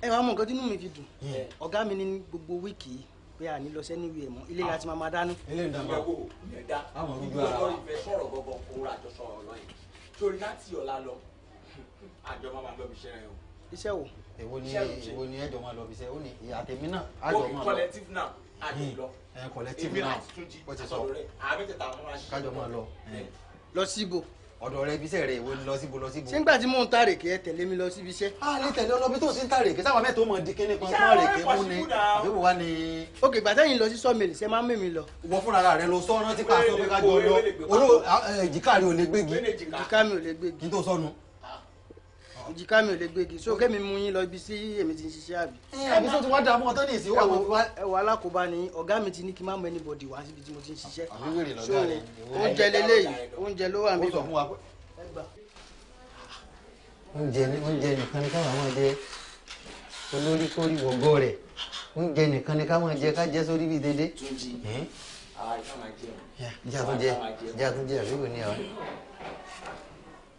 ẹ wàá mọ nǹkan tí inú mi fi dùn ọ̀gá mi ní gbogbo wíìkì yìí pé a ní lọ sẹ́ni ìwé ẹ̀ mọ́ ilé láti máa máa dáná. ilé ìdáná wo ìyẹn dá ìgbà tó ìfẹ́ sọ̀rọ̀ gbọ́gbọ́ kó ra àjọ sọ̀rọ̀ lọ yìí torí láti ọ̀la lọ àjọ máa máa lọ bí iṣẹ́ rẹ o. iṣẹ́ wo. èwo ni èwo ni ẹjọ máa lọ bí iṣẹ́ ó ní ìyá tèmi náà àjọ máa lọ. collective now àjọ hmm. lọ. Eh, collective now ó ti sọ kájọ máa lọ. lọ síbò ọ̀dọ̀ rẹ ibiṣẹ́ rẹ ìwé lọ síbo lọ síbo. sígbà tí mò ń tàrè kí ẹ tẹ̀lé mi lọ síbi iṣẹ́. a lè tẹ̀lé ọlọ́bí tó sí ń tàrè kí sáwọn mẹ́tò mọ̀ di kíní kan fún ọ̀rẹ́ mú ni àbí wò wá ni. ok gbàtẹ́yìn lọ sí sọ́ọ̀mìlì ṣe máa ń mímì lọ. wọ fúnra rẹ lọ sọ rántí pàṣẹ pé ká jọ lọ olú èjìká rẹ ò lè gbégi. èjìká mi ò lè gbégi. n tó sọnù ìjìká mi ò lè gbégi so kémi mú yín lọ ibi sí èmi ti ń ṣiṣẹ́ àbí. ẹbí tó ti wá dààmú ọtọ́ ní ìsìn wà wọ́n. ẹwà alákòóbá ni ọ̀gá mi ti ní kí n má mú anybody wá síbi tí mo ti ń ṣiṣẹ́. so oúnjẹ lélẹ́yìí oúnjẹ ló wà níbẹ̀. oúnjẹ oúnjẹ nìkan ni káwọn máa jẹ olórí kórì wọgọ rẹ oúnjẹ nìkan ni káwọn jẹ ká jẹ sórí bíi dédé. ìjà tó jẹ ìjà tó jẹ àbí kò ní àwọn.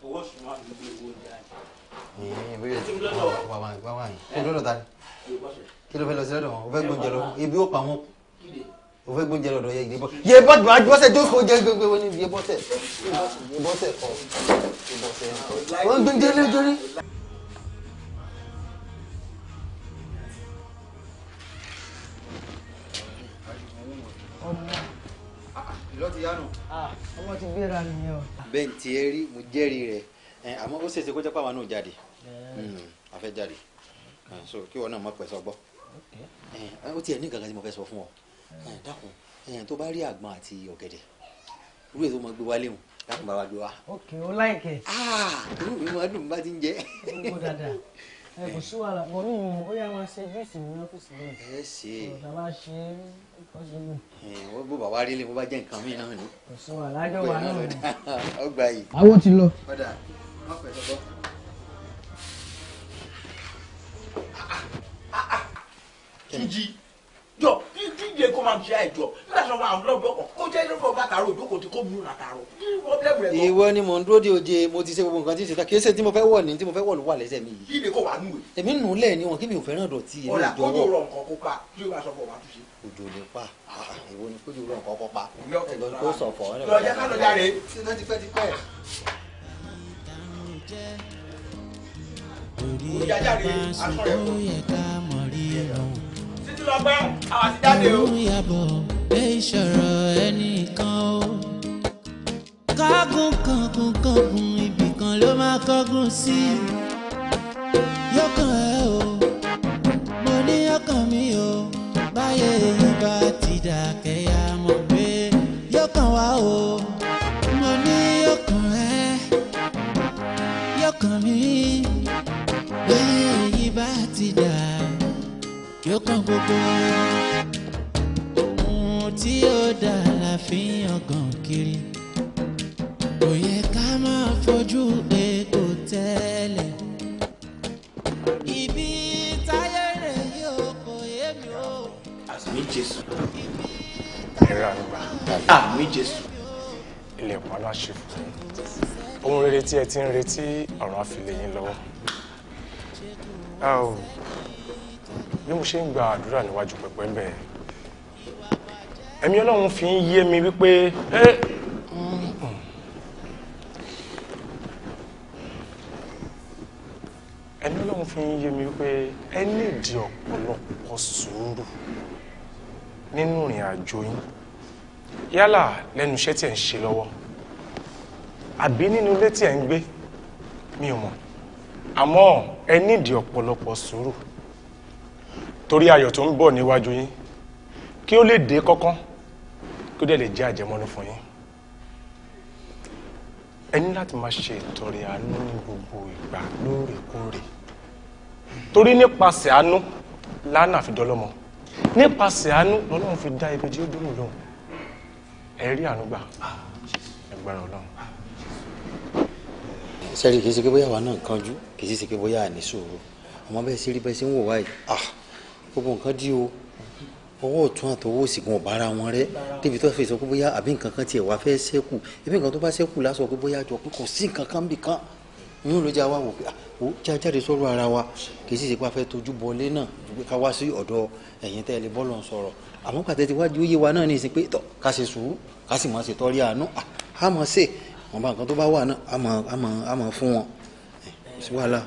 owó sùn wà lórí owó jáde kí ló fẹ́ lọ sí lọ́dọ̀ wọn o fẹ́ gbóúnjẹ lọ ibi ó pa wọn o fẹ́ gbóúnjẹ lọ́dọ̀ yẹ ìdìbọn yẹ bọ́ tẹ̀ bọ́sẹ̀ jókòó jẹ gbogbo wọn níbi yẹ bọ́sẹ̀ yẹ bọ́sẹ̀ kọ wọn gbóúnjẹ lẹ́jọ́rí. ọmọ ti gbéra nìyẹn o. bẹ́ẹ̀ ni tiẹ̀ rí mo jẹ́rìí rẹ̀ ẹ eh, àmọ́ ó ṣèṣe kó jẹ́ pàwọn náà jáde eh. hmm, a fẹ́ jáde eh, so kí wọn náà mọ̀ pẹ̀ sọ gbọ́ ó tiẹ̀ ní kankan tí mo fẹ́ sọ fún ọ dákun tó bá rí àgbọn àti ọ̀gẹ̀dẹ̀ irú èso máa gbé wálé wọn dákun bá wa gbé wa. ok o láìkẹ. ah, mi máa dùn bá ti ń jẹ. ó dáadáa ẹ kò sí wàhálà wọn ní ìmọ̀ ó yà máa ṣe júùsì ní ọ́fíìsì náà. ẹ ṣe é ọ̀dà bá ṣe é ọ̀ṣẹ́ mi. wọ́n bó bàbá rí lé mo bá jẹ́ nǹkan mi náà ni. kò sí wàhálà àjọ wà náà. [LAUGHS] ọgbà yìí. àwọn ti lọ. padà má pẹ́ lọ́gbọ́. Túnjí jọ kí díje kó máa ṣe àìjọ nígbà tí wọn àwọn ọlọ́gbọ́n kan kó jẹ́ lọ́gbọ́n látàrọ òjókòó tí kò mú látàrọ kí pọ́blẹ́mù rẹ̀ lọ. ìwọ ni mò ń dúró de òde mo ti ṣe gbogbo nǹkan tí ń ṣe tán kì í ṣe tí mo fẹ́ wọ̀ ní tí mo fẹ́ wọ̀ ló wà lẹ́sẹ̀ mi yìí. kí ni kò wá nù ẹ. èmi nù lẹ̀ ni wọn kí mi ò fẹ́ràn dọ̀tí èmi ò jọ̀wọ́. ọ̀la kójú rọ nǹkan kó pa kí o máa sọ fọ wàá túnṣe. òjò lè pa ah, torí bàbá sunkún yẹ ká mọ̀ rí wọn. títí lọ pẹ́ àwọn ti jáde o. òun yàbọ̀ pé ìṣòro ẹnìkan o. kágùn kankun kankun ibìkan ló máa kọ́gùn sí i. yọkàn ẹ o mo ní yọkàn mi o báyé èyí bá ti dà kẹ́yà mọ̀ pé yọkàn wá o. ọkàn mi bẹ́ẹ̀ yìí bá ti dà kí ó kàn gbogbo ohun tí ó dà la fi ń kiri kò yẹ ká máa fojú egbò tẹ́lẹ̀ ibi táyé rẹ̀ yóò kò yé o. àmì jésù ẹ̀rọ àgbà àmì jésù ilẹ̀ ìpàlà ṣe fún mi ohun rere tí ẹ ti ń retí ọ̀run á fi lé yín lọ́wọ́ bí mo ṣe ń gba àdúrà níwájú pẹpẹ bẹ́ẹ̀ ẹ̀mí Ọlọ́run fi ń yé mi wípé hmm, ẹ̀mí Ọlọ́run fi ń yé mi wípé ẹ ní ìdí ọ̀pọ̀lọpọ̀ sùúrù nínú ìrìn àjò yín yálà lẹ́nu iṣẹ́ tí ẹ ń ṣe lọ́wọ́ àbí nínú ilé tí ẹ̀ ń gbé mi ò mọ̀ àmọ́ ẹ nídìí ọ̀pọ̀lọpọ̀ sùúrù torí ayọ̀ tó ń bọ̀ níwájú yín kí ó lè dé kọ́kán kí ó dẹ̀ lè jẹ́ àjẹmọ́nú fún yín ẹ ní láti máa ṣe ìtọrẹ àánú ní gbogbo ìgbà lóòrèkóòrè torí nípasẹ̀ àánú lánà fi dọ́lọ́mọ nípasẹ̀ àánú lọ́lọ́run fi dá ibi tí ó dúró lóhùn ẹ rí àánú gbà ẹ ọlọ́run sẹ́rí kì í ṣe pé bóyá àwa náà kanjú kì í ṣe pé bóyá àní sòro àmọ́ bẹ́ẹ̀ ṣe rí bẹ́ẹ̀ ṣe ń wò wáyé ah gbogbo nǹkan dí o ọwọ́ ọ̀tún àtọwọ́ òsì gan ọ̀bára wọn rẹ débi tó fi sọ pé bóyá àbí nǹkan kan tiẹ̀ wá fẹ́ ṣẹ́kù ebi nǹkan tó bá ṣẹ́kù lásọ pé bóyá jọ pé kò sí nǹkan kan bì kan inú ló já wa wò pé ó ah, jájáde sọ̀rọ̀ ara wa kì í sì ṣe pé a fẹ́ tojú bọlé náà ju pé ká wá sí ọ̀dọ̀ ẹ̀yìn tẹ́ ẹ bọ́ọ̀lù sọ̀rọ̀ àmọ́ pàtẹ́ ti wájú yé wa náà ní ìsìn pé tọ́ ká ṣe sùúrù ká sì máa ah, ṣe tọ́rí àánú àmọ́ ṣe wọn bá nǹkan tó bá wà náà àmọ́ àmọ́ àmọ́ fún wọn sí wàhálà.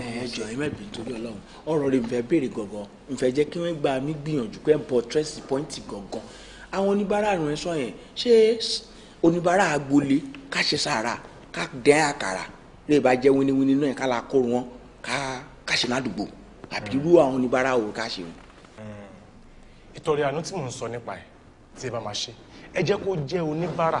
ẹ ẹ jọ ẹ mẹbi torí Ọlọ́run ọ̀rọ̀ rẹ nfẹ béèrè gangan nfẹ jẹ kí wọn gba mí gbìyànjú pé n bọ tírẹsì pọ́ìntì gangan àwọn oníbàárà rẹ sọ yẹn ṣé oníbàárà agboolé ká ṣe sàárà ká dẹ àkàrà lè bá jẹ wíníwíní náà ká la kó wọn ká ṣe ládùúgbò àbí irú àwọn oníbàárà wò ká ṣe wọn. àánú tí mò ń sọ nípa ẹ̀ tí ẹ bá máa ṣe ẹ jẹ́ kó jẹ́ oníbàárà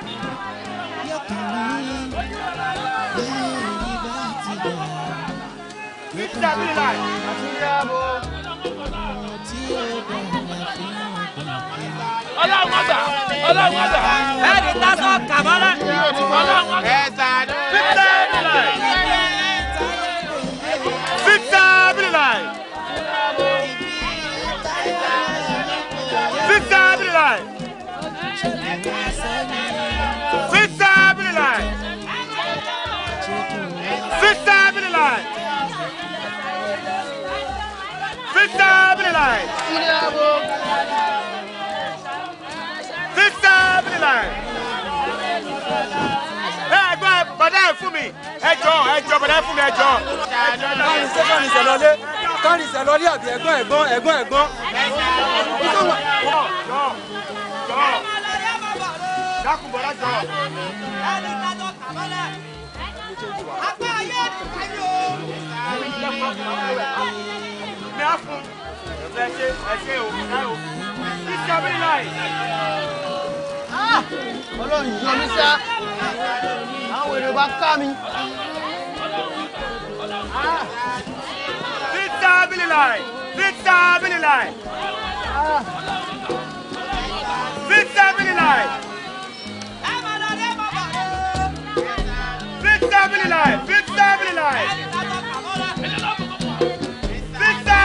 dàbí láì. ọlọ́run ọgbà ọlọ́run ọgbà. ẹ̀ẹ́dì tásán kàmọ́lá. ọlọ́run ọgbà. fífẹ́ bí láì. fífẹ́ bí láì. fífẹ́ Victabililay. Victabililay. ẹ gbọ́ bàdá ẹ̀ fún mi ẹ jọ ẹ jọ bàdá ẹ̀ fún mi ẹ jọ. kọ́ni sẹ́ kọ́ni sẹ́ lọ́lé kọ́ni sẹ́ lọ́lé àbí ẹ̀gbọ́n ẹ̀gbọ́n ẹ̀gbọ́n ẹ̀gbọ́n. jọ jọ dákùnbọ̀dá jọ. ẹni kájọ kàmọ́lẹ̀ apá ayé ẹ̀dùn ayé o èmi á fún ẹ ṣe ẹ ṣe o ẹ o sísá mi láì. ọlọ́run yọ mí sá àwọn èrò bá ká mi. sísá mi láì sísá mi láì sísá mi láì. Fit family life! Fit family life!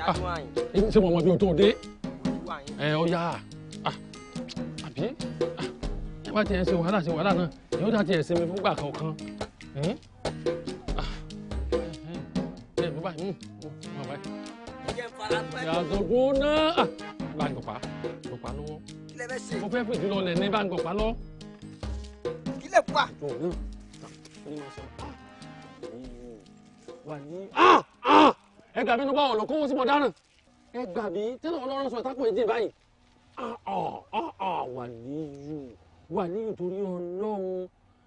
Ah, ṣé wọn mọ bí o tó dé ẹ ọyà ah, àbí ah, ẹ bá tiẹ̀ ṣe wàhálà ṣe wàhálà náà yóò dá tiẹ̀ sinmi fúngbà kọ̀ọ̀kan ẹ bó báyìí mú ọ báyìí. yàtọ̀gbọ́n náà bá ń gbọ̀pá gbọ̀pá lọ́wọ́ mo fẹ́ fìdí lọ lẹ̀ ní bá ń gbọ̀pá lọ. ìdílé pa. wà ní ẹ gbà bínú báwọn lọ kówó sí bọ̀dá náà ẹ gbà bí tẹ́lẹ̀ ọlọ́run sọ ìtàkùn èdè báyìí wà níyù wà níyù torí ọlọ́run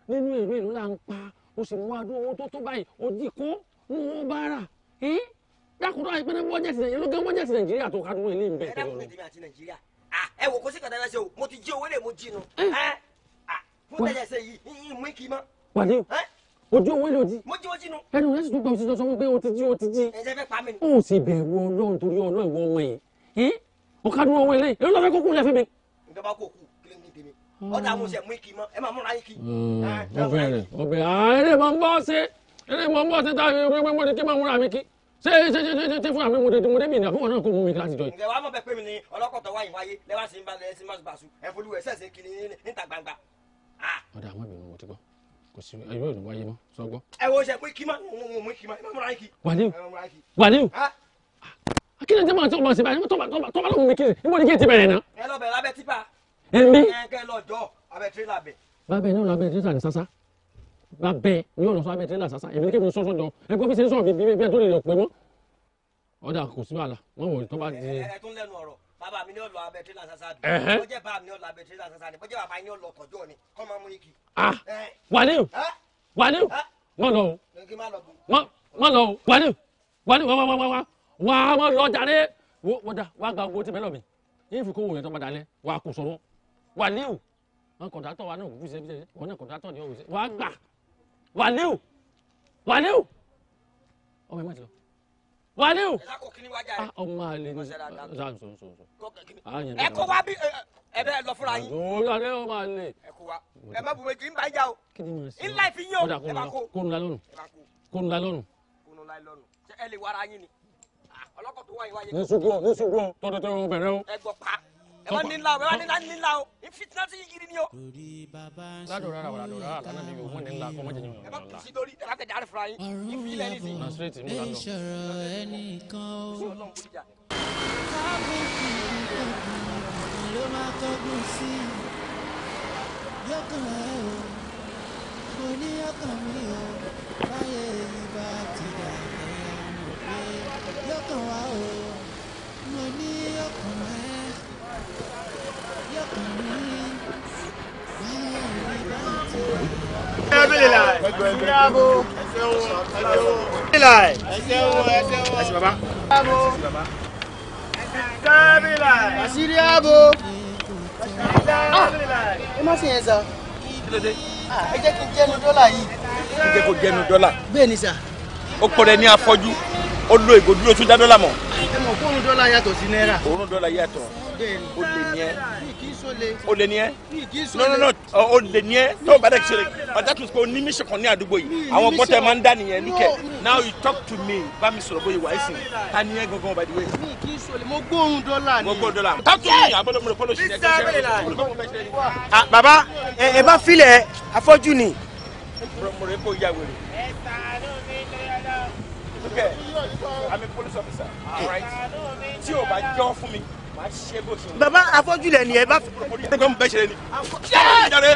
nínú èrè ìlú là ń pa o sì mú adó owó tó tó báyìí o dì kó ní owó bá rà dákúrò àìpẹ́ ní bọ́jẹ̀tì nàìjíríà ló gán bọ́jẹ̀tì nàìjíríà tó kádùn ilé ìbẹ̀ tẹ̀lé lọ. ẹ wò kó sí kàdá náà ṣe o mo ti jí owó lè mo jí nu fún tẹ̀lé ṣe yìí mú kí n mọ́. wà níyù ojú owó ló ẹnu rẹ sì tún gbọmọsí sọsọ wípé o ti jí o ti jí. ẹ sì bẹ̀rù ọlọ́run torí ọlọ́run ìwọ ọmọ yìí ọ̀kadù ọmọ ilé yìí ló lọ kókó lẹ́fẹ́ mi. ìjọba kò kú kí ló ń tètè mi ọ̀dà mo ṣe mú ikì mọ́ ẹ máa múra ikì. ọbẹ̀rẹ̀ ọbẹ̀rẹ̀ ẹ̀rẹ̀ mọ̀ ń bọ́ ṣe ẹ̀rẹ̀ mọ̀ ń bọ́ ṣe tá ṣe fún àmì náà kò mú mi láti jọ yìí. ǹjẹ́ wàá mọ̀ bẹ́ẹ̀ pé mi ni ọlọ́kọ̀tọ̀ wáyé wáyé lẹ́wà sí ń bá lẹ́sìn máṣubàṣu ẹ̀fọ́lùwẹ̀ ṣẹ̀ṣẹ̀ kiri níta gbangba. Ah. ọ̀dà àwọn ìbínú mo ti gbọ́ kò sí ẹyọ ìlú wáyé mọ sọgbọ. ẹ wo ṣe pé kí má mú kí má má múra ah, kí. wàlíù wàlíù akínyẹ jẹ́ màá tó ọmọ ṣèbáyé tó bá lóun mi kiri níbo ni kí n ti bẹ̀rẹ̀ náà. ẹ lọ bẹ̀rẹ̀ lábẹ́ tipa. ẹ ń bí. kẹ́ ẹ lọ jọ abẹ́ tirẹ́là bẹ̀. bàbá ẹ náà lábẹ́ tirẹ́là ní sásá bàbẹ ni yóò lọ sọ abẹ tẹlẹ sàṣà èmi kébìnrin sọsọ jọ ẹ gbọ́ fi ṣe ń sọ̀rọ̀ bíi bíi bíi tó lè lọ pé mọ́ ọ̀dà kò sí wàhálà wọ́n wọ̀ tó bá di. ẹ ẹ tún lẹ́nu ọ̀rọ̀ bàbá mi ní ọ̀lọ́ abẹ tírélà sásá bi bọ́jẹ́ bàbá mi ní ọ̀lọ́ abẹ tírélà sásá ni bọ́jẹ́ bàbá yín ọ̀lọ́ kọjọ́ ni kọ́ máa mú igi. Ah, wàlẹ́ o wàlẹ́ o wọ́n lọ o wọ́n lọ o wàlẹ́ o wàlẹ́ o wá wá wá wá wá wọ́n lọ jàre wọ́n da wá gba owó tí bẹ́ẹ̀ lọ mi yín fi kó wò tó padà lẹ wà kò sọ̀rọ̀ wàlẹ́ o wọn kọ̀ǹtàtọ̀ wa náà wùsẹ̀ bí wọn náà kọ̀ǹtàtọ̀ wálé o ah, ọmọ àlè ni ṣáà sọ sọ sọ. ẹ kó wá bí ẹ bẹ lọ fúnra yín. ọ̀rẹ́ ọmọ àlè. ẹ kó wá ẹ má bùnmi kì í bá ìjà o in life yín o ẹ bá kó. kónú la lọ́rùn kónú la lọ́rùn. kónú la lọ́rùn ṣé ẹ lè wára yín ni ah, ọlọ́kọ̀ tó wáyé wáyé. ní sunkún ní sunkún tọ́tọ́tọ́ bẹ̀rẹ̀ o. ẹ gbọ́ pa ẹ bá nílá o ẹ bá nílá nílá o n fitina ti yiri ni o. ládùn rárá wàrà dùn rárá kàná níbi òun nílá kọ́mọ́ jẹjẹrẹ wọn. ẹ bá kùsì lórí ẹ bá tẹ̀ dárí fura yín ní fi ní nasire ti mú ká lọ. ìṣòro o. kábíyèsí ló máa mo ní yọkàn mi o báyé ìbá ti dà ẹ̀ ẹ̀ mọ̀ pé yọkàn wa o mo ní yọkàn. àṣírí ààbò ẹ má ó lo ìgò dúró tún dá dọ́là mọ̀. ẹ mọ̀ fóònù dọ́là yàtọ̀ sí náírà. òórùn dọ́là yàtọ̀ ó lè ní ẹ o lè ní ẹ no no no o lè ní ẹ tó o bá dẹ̀ ṣe ọ̀dà tó sọ ní mission kan ní àdúgbò yìí àwọn gbọ́tẹ́ máa ń dá nìyẹn lúkẹ́ now you talk to me bá mi sọ̀rọ̀ bóyá wàá sìn ta ni ẹ gangan by the way. mi kì í sọlẹ̀ mo gbóhùn dọ́là ni. talk to me àbọ̀dọ̀ mo lè follow ṣe ah, ẹ. baba ẹ bá filẹ̀ afọ́jú ni. mo rẹ̀ kó yà wèrè. ẹ ta ló mi lọ́yọ̀ lọ. lúkẹ́ I'm a police officer. all right tí o bá jọ́ fún mi bàbá afọ́jú lẹ̀ ni ẹ bá fẹ́. ṣé kò bẹ́ẹ̀ ṣe ni. ṣé ìjàre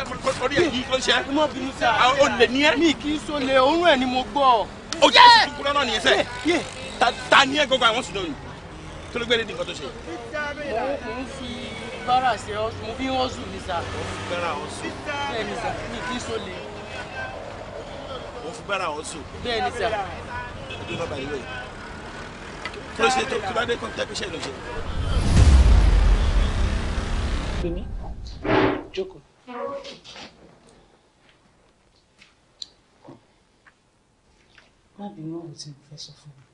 orí ẹ̀ yìí ló ń ṣe. mo bínú sá. o lè ní ẹ. mi kì í so lè òórùn ẹ ni mo gbọ́. o jẹ́ ìsìnkú náà nìyẹn sẹ́. ta ni ẹ gbogbo àwọn sùn lónìí tó ló gbére ní nǹkan tó ṣe. mo ń fi bára ṣe mo fi hàn sùn ní sá. mo fi bára hàn sùn. bẹ́ẹ̀ ni sá mi kì í so lè. mo fi bára hàn sùn. bẹ́ẹ̀ ni sá. ọdún náà bá yẹ lóye. kí ló ṣe tó bá dé kó tẹ́ kó ṣe é lóṣèlú pè mí jókòó. má bínú ọ̀rọ̀ tí mo fẹ́ sọ fún mi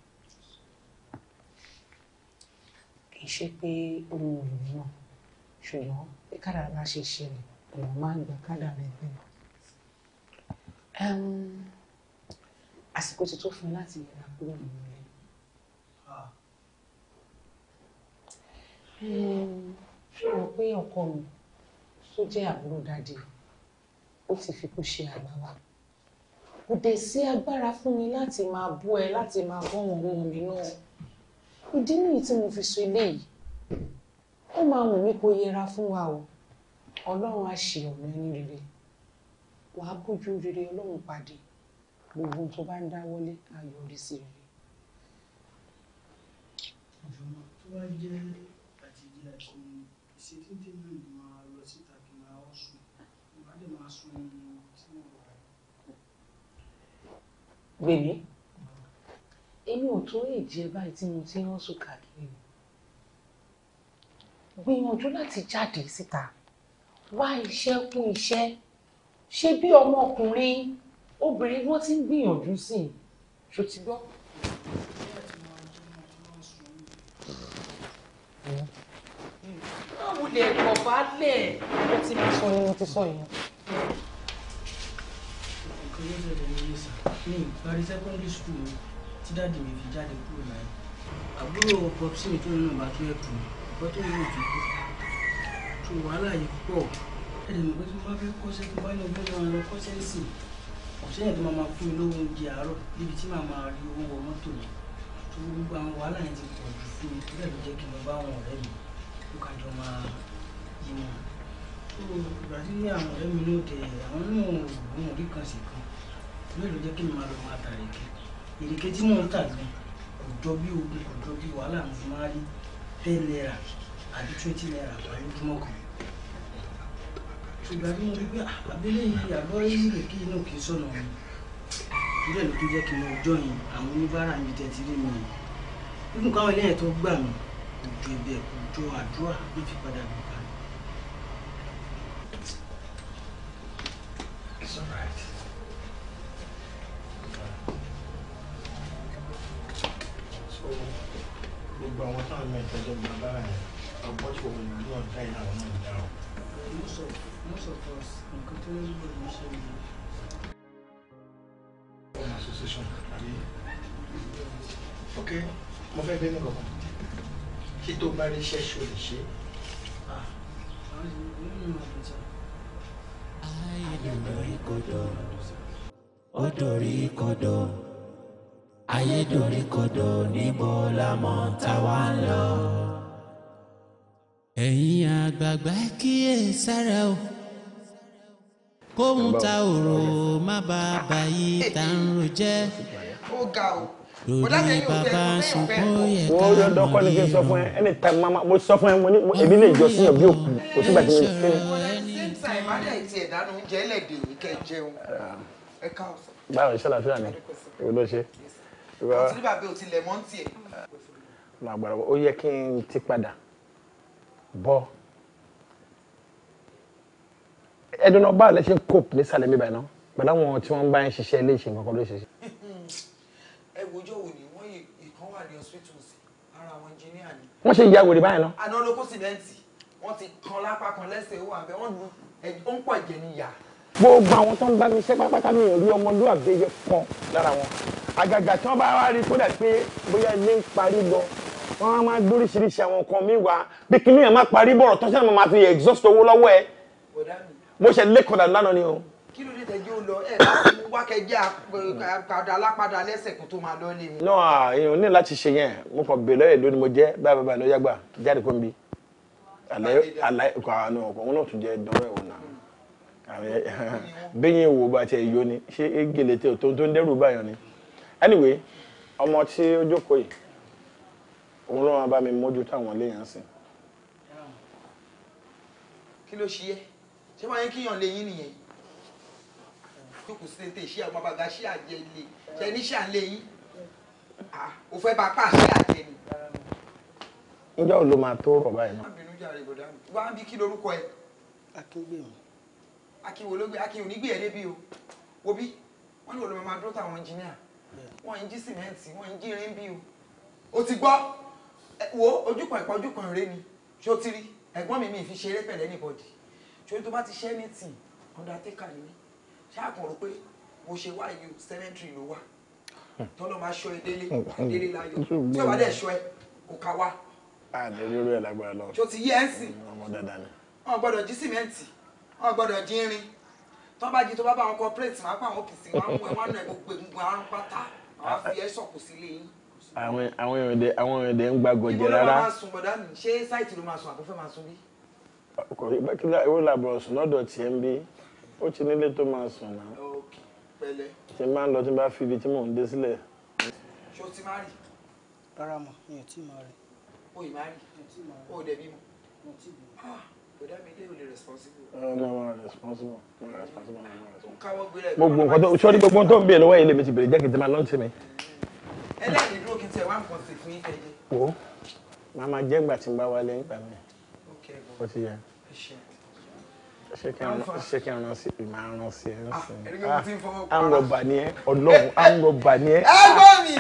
kì í ṣe pé ohun èlò náà ṣùgbọ́n bí kádàrá bá ṣe ṣẹlẹ̀ èèyàn máa ń gba kádàrá ẹgbẹ́ àsìkò ti tó fún un láti yẹra kúrò nínú rẹ̀ ṣé o mọ̀ pé ọkọ mi tó jẹ́ àbúrò dáadé ó ti fikú ṣe àgbà wa kò dẹ̀ sí agbára fún mi láti máa bú ẹ láti máa bọ́ wọn ohun mi náà ìdí nìyí tí mo fi sọ eléyìí ó máa wù mí kó yẹra fún wa o ọlọ́run á ṣe ọ̀nà ẹni rere wàá bójú rere ọlọ́run pàdé gbogbo ohun tó bá ń dáwọ́lé á yọrí sí rere. ìjọba tó bá jẹ́ ṣe déédéé náà ni màá lọ síta kí n máa sùn ìbá dẹ̀ máa sùn tí mo wà. gbèmí èmi ò tó èjì ẹ báyìí tí mo ti rán sùn káàkiri gbìyànjú láti jáde síta wá iṣẹ́ kún iṣẹ́ ṣe bí ọmọkùnrin obìnrin wọn ti ń gbìyànjú sí ṣó ti gbọ́ ilẹ̀ kọ̀bálẹ̀ ó ti mọ̀ sọ yẹn mo ti sọ yẹn. ìpínlẹ̀ ìṣẹ̀lẹ̀ ní yéṣà ní ìparí secondary school tí dáàdì mi fi jáde kúrò láyé àbúrò pọpsi mi tó nínú bá tó yẹ kù ọkọ tó yẹ jù kú tó wàhálà yìí pọ̀ ẹ̀rìn pé tí mo bá fẹ́ kọ́ṣẹ́ tó bá yọ ọgbẹ́ náà lọ kọ́ṣẹ́ sí ọ̀ṣẹ́ yẹn tó máa máa fún mi lówó oúnjẹ àárọ̀ níbi tí màá máa rí owó wọ mọ́tò mi tó gbogbo àwọn wàhálà yẹn ti pọ̀ jù fún mi tó dẹ̀ ló jẹ́ kí n lọ bá àwọn ọ̀rẹ́ mi kó kájọ máa ìgbà tí àwọn ọ̀rẹ́ mi ló tẹ àwọn náà òògùn orí kan sì kan bẹ́ẹ̀ ló jẹ́ kí n máa lọ máa tà rèké èrèké tí mò ń tà gan kò jọ bí ogun kò jọ bí wàhálà mo fi máa rí ten naira àbí twenty naira lójúmọ́ kan ṣùgbọ́n bí mo rí pé ah, abẹ́lé yìí àbọ̀ èrèké yìí náà kì í sọ̀nà mi ìdílé ló tún jẹ́ kí n lọ jọyìn àwọn oníbàárà mi tẹ̀ ti rí mi yìí nǹkan àwọn eléyàn tó gbà mí kò jọ ẹ̀bẹ̀ kò jọ àdúrà ló fi padà gbọ́ gbogbo àwọn táwọn ọmọ ìtọ́jọ́ gba bára association àbí mo fẹ́ bẹ́ẹ̀ nìkan kí tó bá rí iṣẹ́ ṣe o lè ṣe. Ah, aláìní rí ìkọ̀dọ̀ ayédoríkodò níbo la mọ̀ tá a wá ń lọ. ẹ̀yin àgbààgbà kíyè sára o kóhun ta òrò má bá a tá ń ro jẹ́ lórí bàbá sunkún yẹ ká mọ̀ yẹ o. ẹni ta mama mo sọ fún ẹ mo ní èmi lè jọ sí ọbí òkú kò sígbà tí mo kí ni. Ah. báwo iṣẹ́ làfíà ni èwo ló ṣe ọtí ní bàbá ò tilẹ̀ mọ́ ń tiẹ̀. màgbàrà ó yẹ kí n ti padà bọ́ ẹdun náà báwo lẹ ṣe ń cope nísàlẹ̀ mi báyìí náà pẹ̀lú àwọn tí wọ́n bá ń ṣiṣẹ́ ilé ìṣe nǹkan ló ṣe ṣe. ẹ wojọ́ wo ni wọ́n ìkan wà ní hospital sí ara àwọn engineer ni. wọ́n ṣe ìyá wèrè báyìí náà. àná ló kó sìmẹ́ǹtì wọ́n ti kan lápá kan lẹ́sẹ̀ ó wà bẹ́ẹ̀ wọ́n lu ó ń pọ̀ jẹ gbogbo àwọn tó ń bá mi ṣe pátápátá mi ò rí ọmọlúwàbí yẹ kan lára wọn àgàgà tí wọn bá wá rí kódà pé bóyá ilé ń parí lọ wọn á máa gbóríṣiríṣi àwọn nǹkan mi wá bí kí nìyẹn má parí bọ̀rọ̀ tó ṣe ni mo máa fi exhaust owó lọ́wọ́ ẹ mo ṣe lẹ́kọ̀ọ́ dànù lánàá ni o. kí ló dé tẹ́jú lọ ẹ̀ láti wá kẹjẹ àpàdà alápàdà lẹ́sẹ̀ kó tó máa lọ lé mi. náà èèyàn ní láti ṣe yẹn mo kàn bèèrè lọ́yẹ̀ lónìí mo jẹ́ báyìí báyìí lọ́yàgbà jáde kó mi bí àlẹ́ àlẹ́ kọ́ àwọn ọkọ̀ wọn náà tún jẹ́ dánwò ẹ̀wọ̀n náà bẹ́yìn [LAUGHS] wo bá tiẹ̀ yọ ni ṣé egele tẹ tó tó ń dẹ́rù báyọ̀ ni anyway ọmọ tí ó jókòó yìí òun ló máa bá mi mójú táwọn léèyàn sìn. kí ló ṣe é ṣé wọ́n yẹ kíyàn lè yín nìyẹn jókòó sí tètè ṣé àwọn bàbá ṣé àjẹ lè ṣe ní ṣà lè yín ò fẹ́ bá pa ṣé àjẹ ni. ǹjẹ́ ò ló máa tó rọ̀ báyìí náà. bí kí lorúkọ ẹ̀. akíngbèmí akin wo ló gbé akin ò ní gbé ẹ̀ débi o wo bí wọ́n ní olùmọ̀ máa dúró ẹnjìníà wọ́n ń jí sìmẹ́ǹtì wọ́n ń jí irin bí o o ti gbọ́ wo ojúkan ìpọ́n ojúkan ìrẹ́ ni ṣó ti rí ẹ̀gbọ́n mi mi fi ṣeré pẹ̀lú anybody ṣó tó bá ti ṣe anything undertaker ni mí ṣáà kàn rò pé mo ṣe wá yìí cemetery ló wà tọ́lọ́ máa ṣọ́ ẹ délé láyọ̀ tí ó bá dẹ̀ ṣọ́ ẹ kò ká wá. ọmọ dandan jí sìmẹ́ǹtì wọn gbọ́dọ̀ jí rin tọ́ bá jí tó bá bá wọn cooperate máa pa àwọn kìsìn wọn wọn nà gbogbo egungun àrùn pátá àwọn fi ẹ sọ̀kù sílé yín. àwọn àwọn èèyàn dẹ àwọn èèyàn dẹ ń gbàgbọ́ jẹ rárá. ibo máa sùn bọ̀dá mi ṣé sáìtì ló máa sùn àbúfẹ́ máa sùn bí. kò rí bákílá ìwé làbọ̀ sùn lọ́dọ̀ tiẹ̀ ń bí ó ti nílé tó máa sùn náà. ṣe máa ń lọ tí n bá fi ibi tí mò ń dé sílẹ̀. ṣé o ti máa rì? gbogbo nǹkan tó sọ́ọ́rí gbogbo tó ń bèèrè lọ́wọ́ yìí lèmi ti bèrè jẹ́ kí n ti máa lọ́ọ̀tì mi. ẹlẹ́yìn dúró kí n tẹ wá nǹkan sí fún yíkẹ́ jẹ. wo màá máa jẹ́ ìgbà tí n bá wálé nígbà mi ó ti yẹ ṣé kí n ràn sí ìmọ̀ àrùn sí ah, ẹ̀ ah, ń sìn àǹrọ̀bà ni ẹ ọlọ́run àǹrọ̀bà ni ẹ. ẹ gbọ́ mi.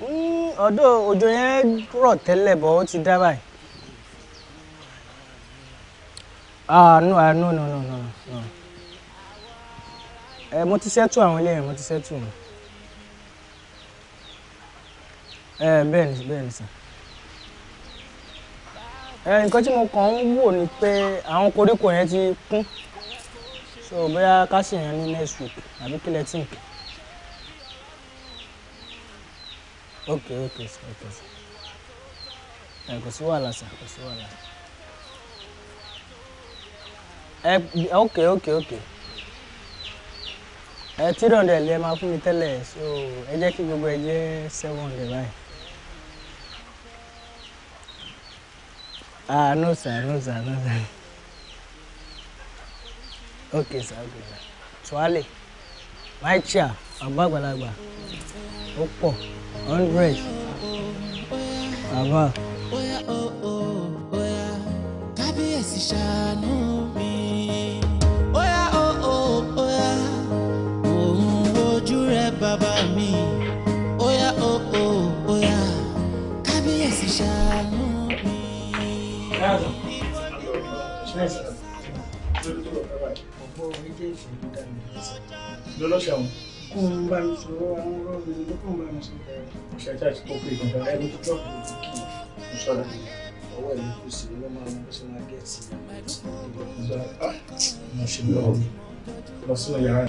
Hmm, ọ̀dọ́ òjò yẹn rọ̀ tẹ́lẹ̀ bọ̀ ó ti dá báyìí. ah no ah no no no no no ẹ eh, mo ti ṣẹ́tù àwọn ilé mo ti ṣẹ́tù wọn ẹ eh, bẹ́ẹ̀ eh, mo ni pé àwọn koríko yẹn ti kún so o ká sì ní next week àbí kílẹ̀ tí ok ok ok ẹ ok ok ok ẹ tí rọ̀ndẹ̀ lẹ máa fún mi tẹ́lẹ̀ so ẹ jẹ́ kí gbogbo ẹ jẹ́ seven hundred báyìí. ah no sir no sir no sir ok sir ok sir tuale my chair bàbá àgbàlagbà ó pọ̀ hundred bàbá. Oh, oh, kábíyèsí ṣàánú mi. bàbá mi óyá o o óyá kábíyèsí ṣàánú mi. ọ̀pọ̀ orílẹ̀-èdè ló dá mi lẹ́sẹ̀. lọ́lọ́ṣà wọn kó ń bá mi sọ̀rọ̀ àwọn ọ̀rọ̀ mi ló kó ń bá mi sọ̀rọ̀. ṣàtà ti kó pé ìgbà ẹni tó tọ́ kò tó kí n sọ̀rọ̀ ọwọ́ ẹ̀ ló sì ló máa ń bó ṣe máa gẹ̀ẹ́sì. mo ṣe lọ́wọ́ lọ sínú yàrá.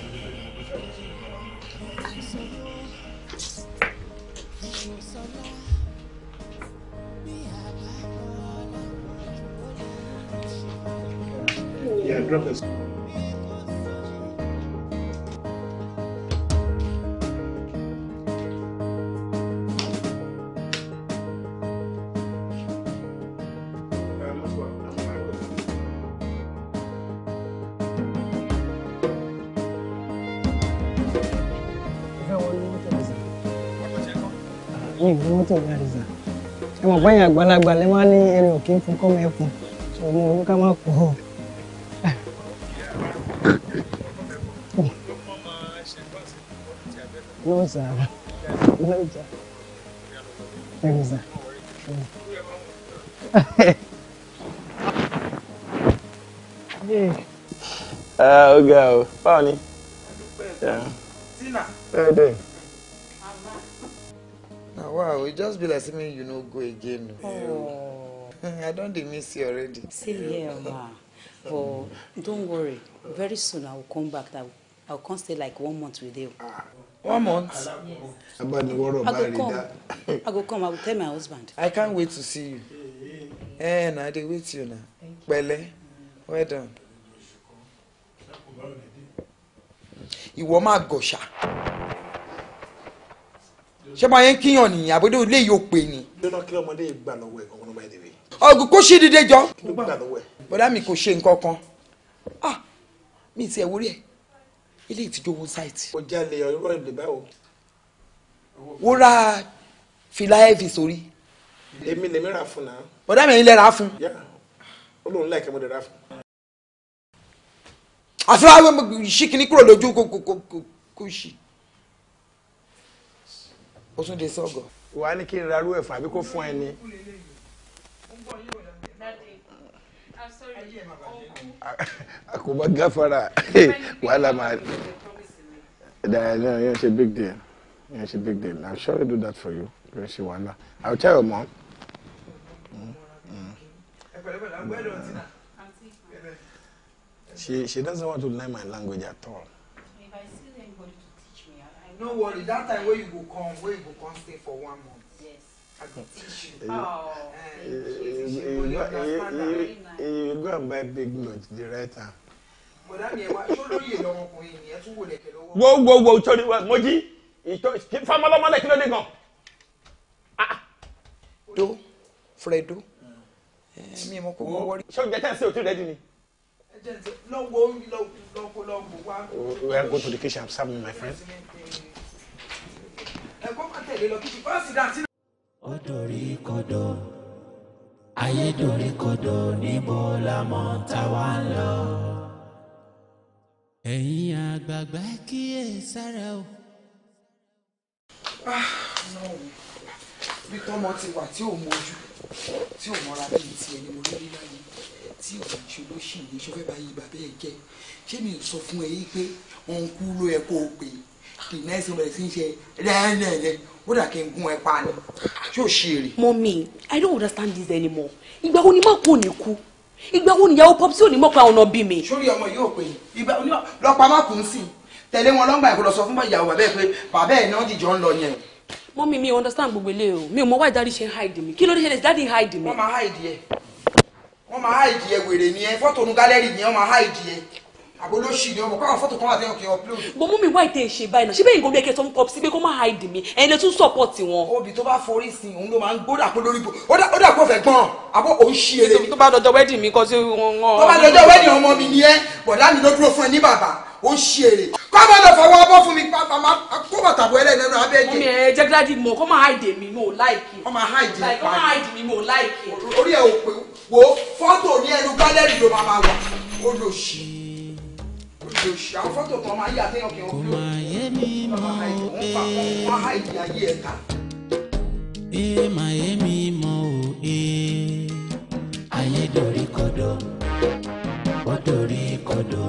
Yeah, drop this. mi ìlú mọ́tò ní àdìsá ẹ mọ̀ báyìí àgbàlagbà lẹ́wọ́n ní ẹni òkè fún kọ́mọ ẹ̀fún ṣòro owó ká má pọ̀ ọ́. No, o, báwo ni? Tina. Ẹ dẹ̀. Now wow, it just be like say you no go again. Oh. [LAUGHS] I don't dey miss you already. Same here, ma. But don't worry. Very soon I will come back. I will, come stay like one month with you. Ah. One month? Yes. Abaniworo I go come. I go come. I will tell my husband. I can't wait to see you. Eh, na I dey wait you na. Pẹ̀lẹ́. Well done. Ìwọ máa gọ̀ṣà. Ṣé báyẹn kíyàn nìyẹn àbúdó ilé yóò pè ní. Lọ́nà kí ọmọdé gbà lọ́wọ́ ẹ̀ ọmọ náà ọ̀gùn kó ṣe dídé jọ. bọ́dá mi kò ṣe nǹkan kan ah mi ti ẹ̀ wórí ẹ̀ ilé ìtìjú owó sáìtì. o jalè ọ̀rọ̀ ìlú báwo. wó ra fìlà ẹ̀fì sórí. èmi lèmi rà fún náà. bọ́dá mi ẹ̀yin lẹ rà fún. ó lóun láìka mo lè rà fún. àfihàn ṣí kìíní kúrò lójú kò ṣì. o tún de sọ́gọ̀. wàá ní kí n rarú ẹ̀fọ́ àbí kó fún ẹ ní kò bá gáfara wàhálà máa dàdà yẹn ṣe big deal yẹn ṣe big deal i'm sure i do that for you yẹn she wàhálà i will tell your mom. Mm-hmm. Mm-hmm. She she doesn't want to learn my language at all. If I see anybody to teach me, I, I No worry, that time where you go come, where you go come stay for one month oh, you, go and buy big notes, the writer. Whoa, whoa, whoa! wo torí mojí ìtọ́ famọlọmọlẹ kí ló dé gan. Ah, ah. do fredo hmm. eh, mi mo kó wọ́n wọ́rí. ṣé oúnjẹ tẹ́ ẹ sí òtún rẹ dì ní. we are going to the kitchen I'm serving my friend. ẹ̀kọ́ kan tẹ̀lé lọ kí ti fọ́ọ̀sì dá ó dorí kodò ayé lọ. ẹ̀yin àgbààgbà kíyè sára o. Ah, bí tọ́mọ ti wà tí ò mọ̀jú tí ò mọra bíi ti ẹni mo rí láyé tí ò ń ṣe olóṣèlú ṣọfẹ́ báyìí bàbá ẹ̀ jẹ́ ṣé mi ò sọ fún ẹ yí pé òun kú ló yẹ kó o pè é the next one bẹ̀rẹ̀ sí ń ṣe rẹ́ẹ̀rẹ́ẹ̀rẹ́ ó dà kí n gún ẹ pa ni ṣé ṣe èrè. mọ́mí i don't understand this anymore ìgbà wo ni má kò ní kú ìgbà wo ni ìyàwó pọ́pì sí ò ní mọ̀ pé àwọn ọ̀nà bí mi. sórí ọmọ yóò pè é ìgbà lọ́pàá má kùn sí tẹ̀lé wọn lọ́gbà ẹ̀kọ́ lọ sọ fún ìyàwó bàbá ẹ̀ pé bàbá ẹ̀ náà dìjọ́ ń lọ yẹn. mọ́mí mi understand gbogbo ilé o mi ò mọ wáyé dáadé ṣe ń hide mi kí ló dé ṣe dáadé hide mi. wọ́n máa hide yẹ wọ́n máa hide yẹ wèrè ni ẹ fọ́tò onú gálẹ́rì ni wọ́n máa hide yẹ àbólóṣì ni ọmọ káwọn fọ́tò kan wà tẹ́wọ̀n kí wọ́n upload. bó mú mi wá ìtẹ̀ ṣe báyìí náà ṣé bẹ́ẹ̀ ìgbóni ẹ̀kẹ́ tó ń kọ́ sí pé kó má hide mi ẹ̀yin lè tún support wọn. obì tó bá forí sí òun ló máa ń gbódà pé lórí ó dà kó fẹ́ gbọ́n àbọ̀ òun ṣí eré. tó bá dọjọ́ wedding mi kọ́ sí wọn. tó bá dọjọ́ wedding ọmọ mi ni ẹ bọ̀dá mi ló dúró fún ẹ ní bàbá ó ń ṣe èrè kó máa lọ fọwọ́ bọ́ fún mi pápá máa kó bàtà bọ́ ẹlẹ́nu ẹnu abẹ́ jẹ. ọmọ ẹ jẹ gíláàdì mọ kó máa háìdè mi mi ò láìkì. ọmọ háìdè mi pa ọmọ háìdè mi mi ò láìkì. orí ẹ ò pé àwọn fọ́tò kan máa yí àtẹ́yàn kí wọ́n fi ayé ẹ̀ka. ee yé mi mọ́ o ee ayé dorí kodò ó dorí kodò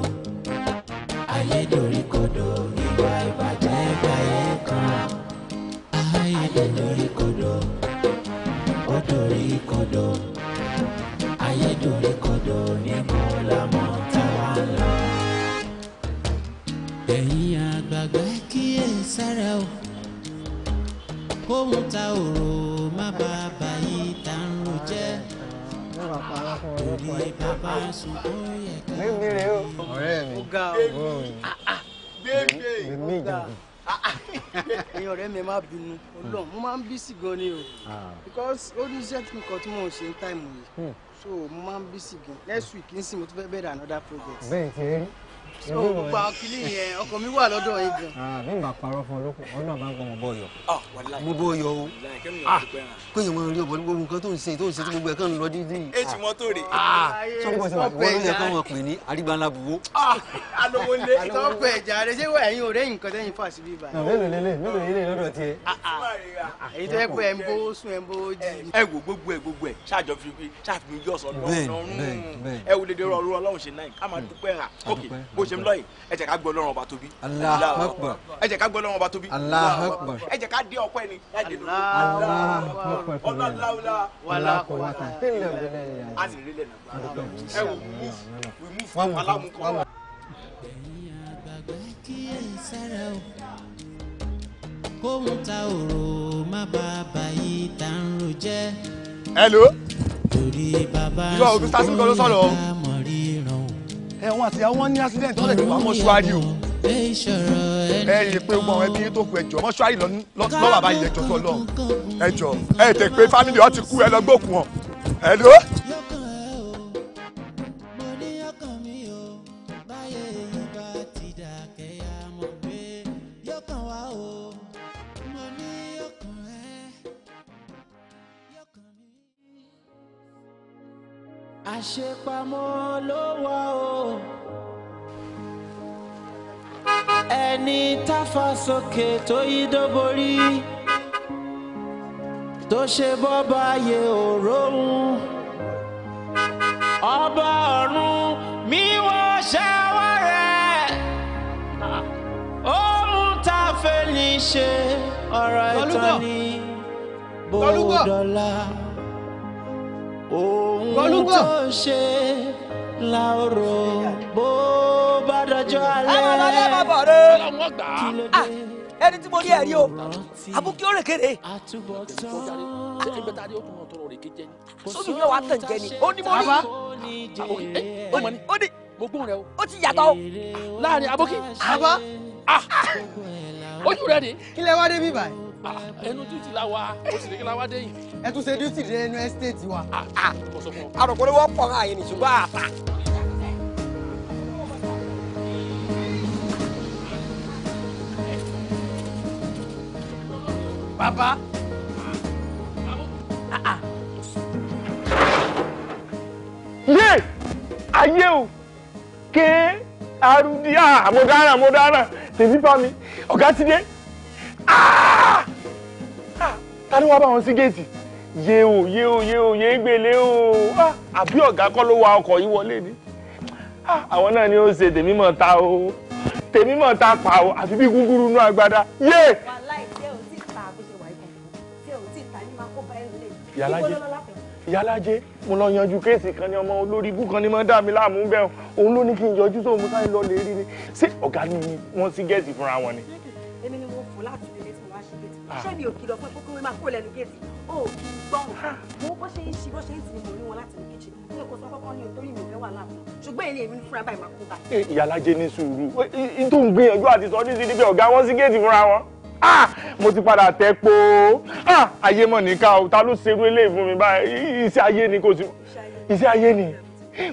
ayé dorí kodò ìwà ìbàjẹ́ gbàyé kan ayé dorí kodò ó dorí kodò ayé dorí kodò ní mọ́ la mọ́. ẹ̀yin àgbààgbà kíyè sára o kóhun ta òrò má bàa bàyí tá ń ro jẹ́ òní bàbá sunkún yẹ ká. mi mi rè o ọ̀rẹ́ mi gbẹgbẹ ah, ah. ah, mi ìjàngbọ̀n. mi má bínú Ọlọ́run mo máa ń bí sí gan ni o because ó ní iṣẹ́ tí nǹkan tí mò ń ṣe ń táìmù yìí hmm. so mo máa ń bí sí gan next week n sì mo tún fẹ́ bẹ̀rẹ̀ another project. bẹ́ẹ̀ ti rí so gbogbo akílì yẹn ọkọ mi wà lọ́dọ̀ yìí gan. bí ah, n bá parọ́ fún olóko ọ náà bá ń gbọ́n bọ́ yọ. Ah, mo bọ́ yọ o ah, kó yẹn wọn rí ọ̀bọ ní gbogbo nǹkan tó ń ṣe tó ń ṣe tí gbogbo ẹ̀ kàn ń lọ dídí. e ti mọ tó rè. sọ wọn sọ wọn ló yẹ kó wọn pè ní arígbáńlá buwó. alówó lé tọ́pẹ̀ ẹ̀já rẹ ṣé wà ẹ̀yin ọ̀rẹ́ nǹkan tẹ́yìn fà síbí báyìí. mélòó lélẹ̀ mélòó lélẹ̀ lọ́dọ̀ tiẹ̀. èyí tó yẹ pé ẹ̀ ń bówó sùn ẹ̀ ń bówó jí. Eh, ẹ wo gbogbo ẹ gbogbo ẹ ṣáàjọ fi pé ṣáàfin yọ̀ọ̀sán lọ́rùn ẹ wò lè dé ọ̀rọ̀ ọlọ́run ṣe náà ká máa dúpẹ́ hàn ókè bó ṣe ń lọ yìí ẹ jẹ́ ká gbọ́ Ọlọ́run ọba tóbi. Allahu ẹ jẹ́ ká gbọ́ Ọlọ́run ọba tóbi. Allahu ẹ jẹ́ ká dé ọpẹ́ ni. Allahu Akbar. ọlọ́láwùlá wàlá kọ̀wátà. ẹ wò we move alámùkọ́. ẹ̀yin àgbàgbà kíyèsára o hello. torí bàbá ṣùgbọ́n ìgbà máa ẹ̀wọ̀n àti àwọn ní accident wọ́n lè fi wá mọ́ṣúárì o ẹ yẹ pé gbọ́n ẹbí yín tó kù ẹjọ́ mọ́ṣúárì lọ́wọ́ àbáyé ẹjọ́ tó lọ ẹjọ́ ẹ tẹ̀ pé fámìlì ọ ti kú ẹ lọ gbókùn ọ ẹ lọ. pamọ́ ló wà o ẹni táfa sókè tó yí dóborí tó ṣe bọ́ba yẹ òróhùn ọba ọ̀run mi wọ́n ṣẹ́wọ́ rẹ̀ ó mú ta fẹ́ ní ṣe ọ̀rọ̀ ìtàn ní bòdọ́lá ohun tó ṣe la ó rò bó bá dájọ́ alẹ́. ẹ máa lọ ẹ máa bọ̀ rẹ. ọlọ́wọ́ gbà á. ẹni tí mo rí ẹ rí o àbúkí ó rè kéré. sóbì mi ò wá tàn jẹ ni ó ní Ah, ẹnu duty la wa ó sì ní kí la wá dẹ́yìn. ẹ tún ṣe duty dé ẹnu estate wa. Ah, ah, àròkọ ló wọ́pọ̀ ààyè ní ṣùgbọ́n àtà. bàbá. yé ayé o ké arúdí àmọ̀dáràn àmọ̀dáràn tèmi bá mi ọ̀gá ti dé. Ah! ta ni wàá bá wọn sí géètì yé o yé o yé o yé gbélé o ah, àbí ọ̀gá kọ́ ló wa ọkọ̀ yìí wọlé ni ah, àwọn náà ni ó ṣe tèmi mọ̀ ta o tèmi mọ̀ ta pa o àfi bí gúgúrú inú agbada yé. yàlájẹ yàlájẹ mo lọ yanjú kéèsì kan ní ọmọ olórí ibú kan ní mọ dá mi láàmú bẹ́ẹ̀ òun ló ní kí n yọjú sóun mo sáré lọ lè rí ni ṣé ọ̀gá ni wọ́n sí gẹ̀ẹ́sì fúnra wọn ni. Ah. ṣé mi ò kìlọ̀ pé kókó máa kó lẹ́nu géètì ó kì í gbọ́n mo bó ṣe ń ṣi bó ṣe ń tì mí mo rí wọn láti ní kíchìn mi ò kó sọ kọ́kọ́ ní nítorí mi ò fẹ́ wà láàbù ṣùgbọ́n èlé èmi fúnra báyìí máa kó bá. Eh, ìyálàjẹ ní sùúrù eh, tó ń gbìyànjú àti sọ nídìí níbi ọ̀gá wọn sí géètì fúnra wọn mo ti padà tẹ́ po ayé mọ̀ níkà ta ló ṣerú eléyìí fún mi báyìí iṣẹ́ ayé ni kò sí iṣẹ́ ayé ni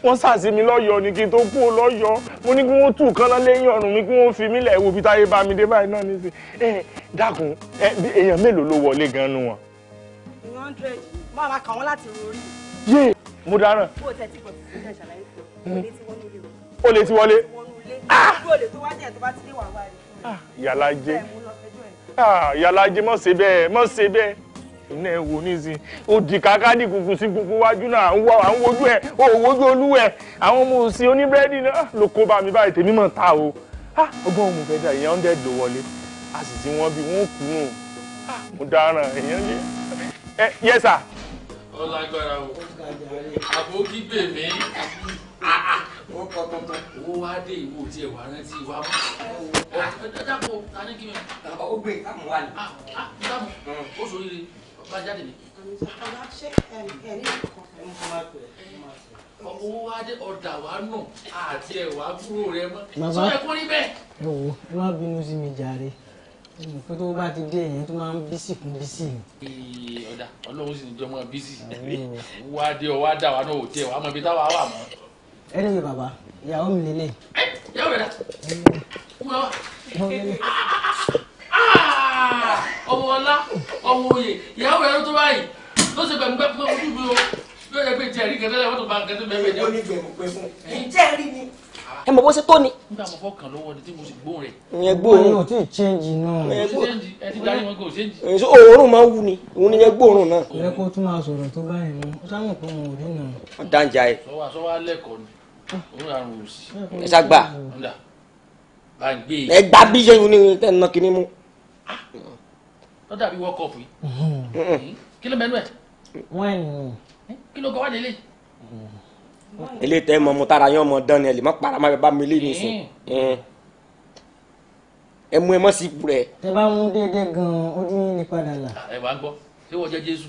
wọ́n sàsí mi lọ́yọ̀ọ́ ni kí n tó kú ó lọ́yọ̀ọ́ mo ní kí wọ́n tú kan náà lẹ́yìn ọ̀run mi kí wọ́n fi mí lẹ̀ wo bí táyé bá mi dé báyìí náà nísìn ẹ dákun ẹ èèyàn mélòó ló wọlé gan-an nu wọn. one hundred máa ma kàn wọ́n láti rori. yé mo dáràn. bó o tẹ tí kò tí kò ṣàlàyé fún ọ o hmm. lè ti wọlé. o lè ti wọlé. Ah! Ah, yàrá jẹ ah, yàrá jẹ mọ̀ ṣe bẹ́ẹ̀ mọ̀ ṣe bẹ́ẹ̀ iná ẹ nísìn ó di kákádì kùkù sí kùkù wájú náà à ń wá à ẹ ó wojú olúwẹ àwọn ọmọ òsì oníbírẹ́dì náà ló kó bá mi báyìí tèmi mọ̀ ta o ọgbọ́n òun fẹ́ dà ìyẹn hundred ló wọlé a sì ti wọ́n bí wọ́n kú un mo dáràn èèyàn yé ẹ yẹ sà. ọlágbára o àbókí pè mí owó wá dé ìwò tí ẹ̀ wá rántí wá mọ́. ẹ dákun ta ní kí mi. ó gbé káàmù wá ní. káàmù ó sọ yìí má jáde ní. owó wa dé ọ̀dà wa nù àti ẹ̀wà kúrò rẹ mọ́ sọ yẹ kó rí bẹ́ẹ̀. ẹ wo ẹ má bínú sí mi jàre nǹkan tó bá ti dé èèyàn tó máa ń bísí kún bísí. ọ̀dà ọlọ́run sì ní jọmọ bísí wá dé ọ wá dà wá náà ò tẹ wá mọ ibi táwa wà mọ́. ẹ lè mi bàbá ìyàwó mi lélẹ̀. ìyàwó rẹ̀ dà. Ah! ọmọ ọlá ọmọ òye ìyàwó ẹ̀rọ tó báyìí ló ṣe bẹ̀rù pẹ́pẹ́ fún mi o ló yẹ pé ìjẹ́rìí kẹtẹ́ lẹ́wọ́n tó bá ń kẹtẹ́ bẹ́ẹ̀ bẹ́ẹ̀ jẹ́ ìjẹ́rìí ni ah. ẹ mọ̀ bó ṣe tó ni. nígbà mo fọkàn lọ́wọ́ ni tí mo sì gbóhùn rẹ̀. ìyẹn gbóhùn ní o tí ì chẹ́ǹjì náà. ìyẹn gbóhùn ẹ ti darí wọn kò ṣéǹjì. èso òórùn máa ń wù ni òun ni ìyẹn gbóhùn náà. ìyẹn kó tún máa sọ̀rọ̀ tó báyìí mọ́ ó sáwọn kan wọn ò ló dàbí world cup yìí mm-hmm. kí ló mẹ́nu ẹ̀. wọ́n ní. Eh, kí ló gọ́wá lélẹ̀. Mm-hmm. ilé tẹ́ mọ mo tara yán mọ dán ni ẹ lè má para má bá mi lé mi sùn mm-hmm. ẹ mú ẹ mọ́ sí ipò rẹ̀. ẹ bá mú déédéé gan-an ó ní ní padà là. Ah, ẹ wá ń gbọ́ ṣé wọ́n jẹ́ jésù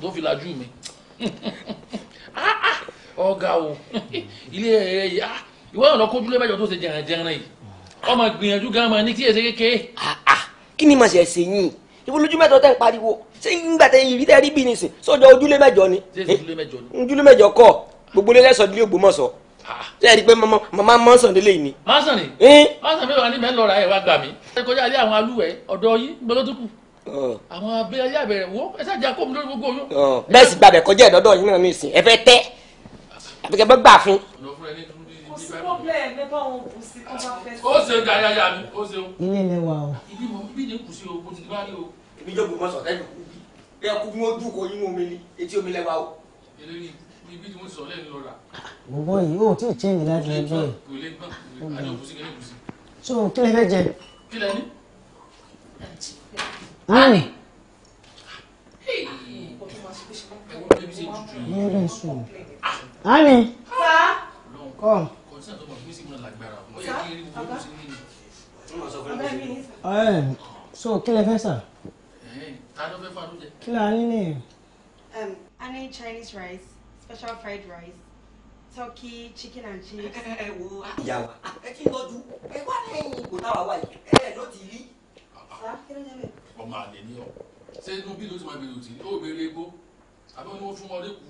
tó fi lajú mi [LAUGHS] ah, ah, ọ̀gá o [LAUGHS] ilé ẹ̀ yìí ìwọ náà lọ kójú lẹ́bàjọ́ tó ṣe jẹ̀rẹ̀jẹ̀rẹ̀ yìí ọmọ gbìyànjú gan-an ní kí èsè kékeré kí ni màá ṣe ṣe yín ibo lójú mẹ́jọ tẹ́ ń pariwo ṣé nígbà tẹ́ ìrí tẹ́ rí bí nìsín sọ́jọ́ ojúlé mẹ́jọ ni eh, ojúlé mẹ́jọ kọ́ gbogbo ilé lẹ́sọ̀ délé Ògbómọ̀ṣọ́ ah. ṣé ẹ rí i pé màmá mọ́sàn délé yìí ni. mọ́sàn ni mọ́sàn mi wà ní mẹ́lọ́ra ẹ̀ wá gbà mí. ẹ kọjá ilé àwọn alúwẹ̀ ọ̀dọ́ yín gbọ́dọ́dúkù oh. àwọn abẹ́yẹ abẹ́rẹ́ wo ẹ ṣáà jẹ́ kó mi lórí gbogbo oyún. Oh. bẹ́ẹ̀ sì kọjá ìdọ́dọ̀ yín náà ní ìsìn ẹ fẹ́ tẹ́ àbíkẹ́ bá gbà fún. ọ̀nà òfurufú kò sí problem ẹ bá wọn kù sí kó bá fẹ́ sí. ó ṣe gàyàyà mi ó ṣe o. ilé ilé wa o. ibi mo bí ní kù sí o kò sì bá rí o. èmi jẹ́ ògùn mọ́sọ̀ lẹ́nu kú bí bí ẹkú bí wọ́n dùn kó yín omi ni etí omi lẹ́wà o. eléyìí ibi tí wọ́n sọ lẹ́nu lọ́ra. bòbó yìí ó tí ì tí ì láti ẹjọ́ ẹ̀. kò lè gbọ́n kò lè gbọ́n kò lè gbọ́n so kí lè fẹ́ jẹ. kí lè ní. ani. ani. ani. Come so kí lẹ fẹ́ sà. kí la ní ní. a Chinese rice special fried rice turkey chicken and cheese. ẹ kí n lọ́jú ẹ wá lẹ́yìn ipò táwa wà yìí ẹ ló ti rí. ọmọ àlè ni ọ ṣé inú bí ló ti máa bèrè òtí ó bèrè egbò àbí wọn fún ọdẹ kù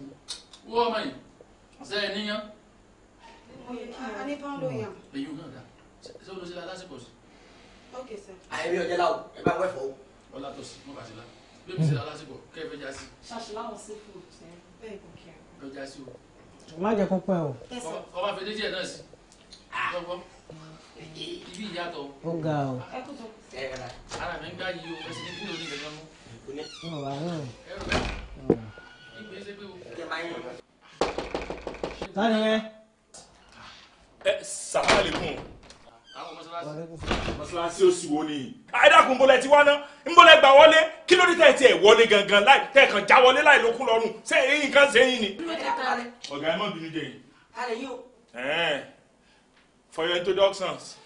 wọ́n ọmọ yìí ṣe é níyàn a ní pound yam. èyí ò náà dá la sir. àyẹ̀mí ọ̀jẹ̀ la o ẹ bá wẹ̀ fọ́ o. ọlá tó sí mo bá sí la bí mi sí la lásìkò kẹ́ ẹ fẹ́ já sí. ṣàṣì láwọn sí fún un bẹ́ẹ̀ kò kí ẹ. lọ já sí o. má jẹ́ kó pẹ́ o. ọba fèdè díẹ̀ náà sí. Ah. ibi ìyàtọ̀. ó ga o. ẹ kò tó. ara mi ń gbá yìí o ẹ sì ní kí ni o ìgbẹ́ mọ́. ọ̀ wà náà. ẹ rẹ̀ ìgbésẹ̀ pé o. ta ni yẹn ẹ sàmúlà lẹkùn. mọ́ṣáláṣí ó sì wo ni. àìdàkùn bọ́lá ti wá ná nbọ́lá gbà wọlé kí ló dé tẹ̀ tiẹ̀ wọlé gangan láì tẹ̀ kàn já wọlé láì lókun lọ́rùn ṣé èyí nǹkan ṣe yín ni. ọ̀gá ẹ má bínú jẹ yìí. for your introductions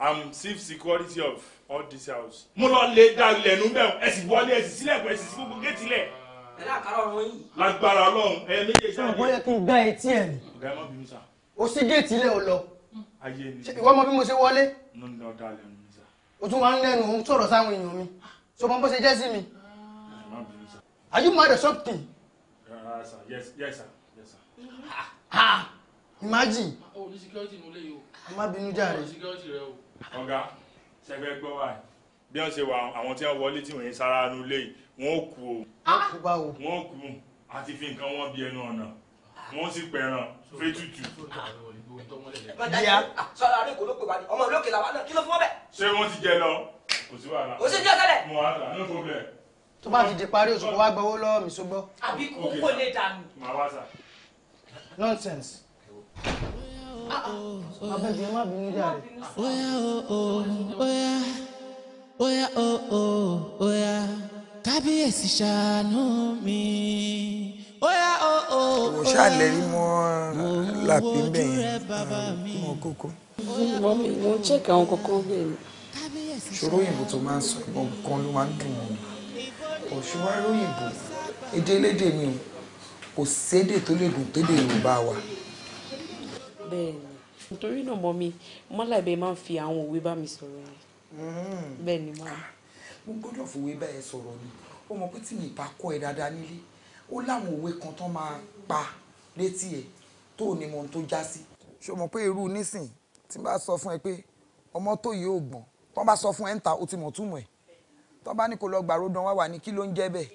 i'm chief security of all this house. mo lọ lè da ilẹ̀ nù bẹ́ẹ̀ ẹ sì wọlé ẹ sì sílẹ̀ ẹ sì sí gbogbo géètì lẹ̀ lágbára ọlọ́run ẹ méjèèjì. ṣé o bóyá kí n gbá etí ẹ ni. ọ̀gá ẹ má bínú sá o sí géètì ilé o lọ ìwọ mọ bí mo ṣe wọlé o tún wá ń lẹ́nu o ń sọ̀rọ̀ sáwọn èèyàn mi so mo bó ṣe jẹ́ sí mi ah. are you mad or something. Uh, sir. yes sir yes sir. ha imagine. o oh, ní security mo lè yí o. a má bínú jàre. o oh, ní security rẹ o. ọ̀gá ṣẹfẹ gbọ́ wa bí wọ́n ṣe wà àwọn tí wọ́n wọlé tí wọ́n yẹn sára nu lé wọn ò kú o. wọ́n kú báwo. wọ́n kú àti fi nǹkan wọn bí ẹnu ọ̀nà wọ́n sì pẹ̀ràn fẹ́ tutù. bíyà sọlá ọdún kò ló pè wá ní ọmọ olókè làwọn náà kí ló fún wọn bẹ. ṣé wọ́n ti jẹ lọ kò sí wàhálà. kò sí jẹ́ tẹ́lẹ̀. mo wà á rà ní problem. tó bá ti di parí oṣù kó wá gbowó lọ́wọ́ mi sógbọ́. àbí kò kò lè dànù. màá wá sà. nonsense. Ah, ah. abẹ́bí ẹ má bínú jáde. oya oya oya oya oya kábíyèsí ṣàánú mi kò oh, oh, ṣàlẹ̀ oh. rí mọ́ làbí bẹ́ẹ̀ yẹn mọ́ kókó. mọ́mí mo ń check àwọn kankan bẹ́ẹ̀ ni. ṣòro òyìnbó tó máa ń sọ ìbọn kan ló máa ń dùn wọn òṣùwárí òyìnbó èdè elédè ni o kò sédè tó lè dùn tó lè Yorùbá wa. bẹ́ẹ̀ni nítorí náà mọ́mí mọlábẹ máa ń fi àwọn òwe bá mi sọ̀rọ̀ ni hmm. bẹ́ẹ̀ni máa. Ah, mo gbọ́dọ̀ fòwe bá ẹ sọ̀rọ̀ ni ó mọ pé tí mi bá kọ́ ẹ dáadáa nílé ó láwọn òwe kan tán máa pa létí ẹ̀ tó ní mọ̀ tó já sí. ṣé o mọ̀ pé irú nísìn tí n bá sọ fún ẹ pé ọmọ tó yìí ò gbọ́n tán bá sọ fún ẹ ń ta ó ti mọ̀ túmọ̀ ẹ̀ tán bá ní kó lọ gbàrú dán wá wà ní kí ló ń jẹ́ bẹ́ẹ̀.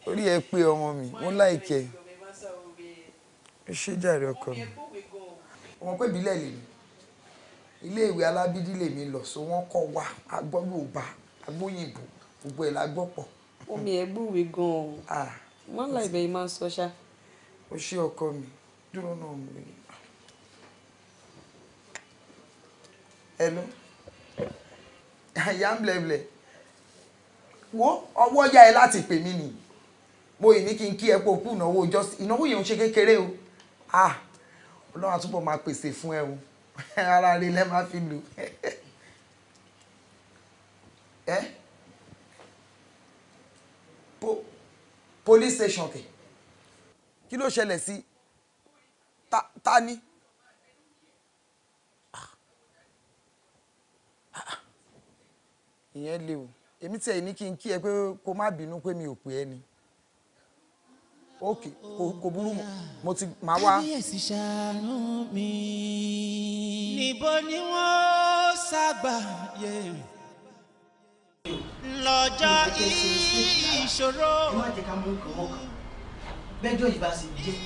[LAUGHS] orí ẹ pé ọmọ mi wọn láìkẹ ẹ jàre ọkọ mi ọmọ pé ìbílẹ̀ lèmi iléèwé alábídí lèmi lọ so wọ́n kọ́ wa agbọ́ Yorùbá agbóyìnbó gbogbo ẹ̀ la gbọ́ pọ̀. omi ẹ̀ gbúwe gan-an o wọ́n láì bẹ́ẹ̀ máa ń sọ ṣá. o ṣe ọkọ mi dúró náà mo rí i. hello yam blẹ̀blẹ̀ wo ọwọ́ yá ẹ láti pè mí nìyí mo ì ní kí n kí ẹ pò kú ìnáwó just ìnáwó yẹn ń ṣe kékeré o ah ọlọ́run àtúbọ̀ máa pèsè fún ẹ o [LAUGHS] ara rẹ lẹ́ máa fi lù [LAUGHS] ẹ́ police station kẹ̀ kí ló ṣẹlẹ̀ sí ta ni ìyẹn le o èmi tí ẹ ní kí n kí ẹ pé kó má bínú pé mi ò pè ẹ́ ni ok kò burú mo ti máa wá. kábíyèsí ṣàánú mi. níbo ni wọ́n sábà yẹ̀ lọ́jọ́ ìṣòro. ẹ má jẹ́ ká mú nǹkan mọ́kàn bẹ́jọ́ ìbá sì jẹ́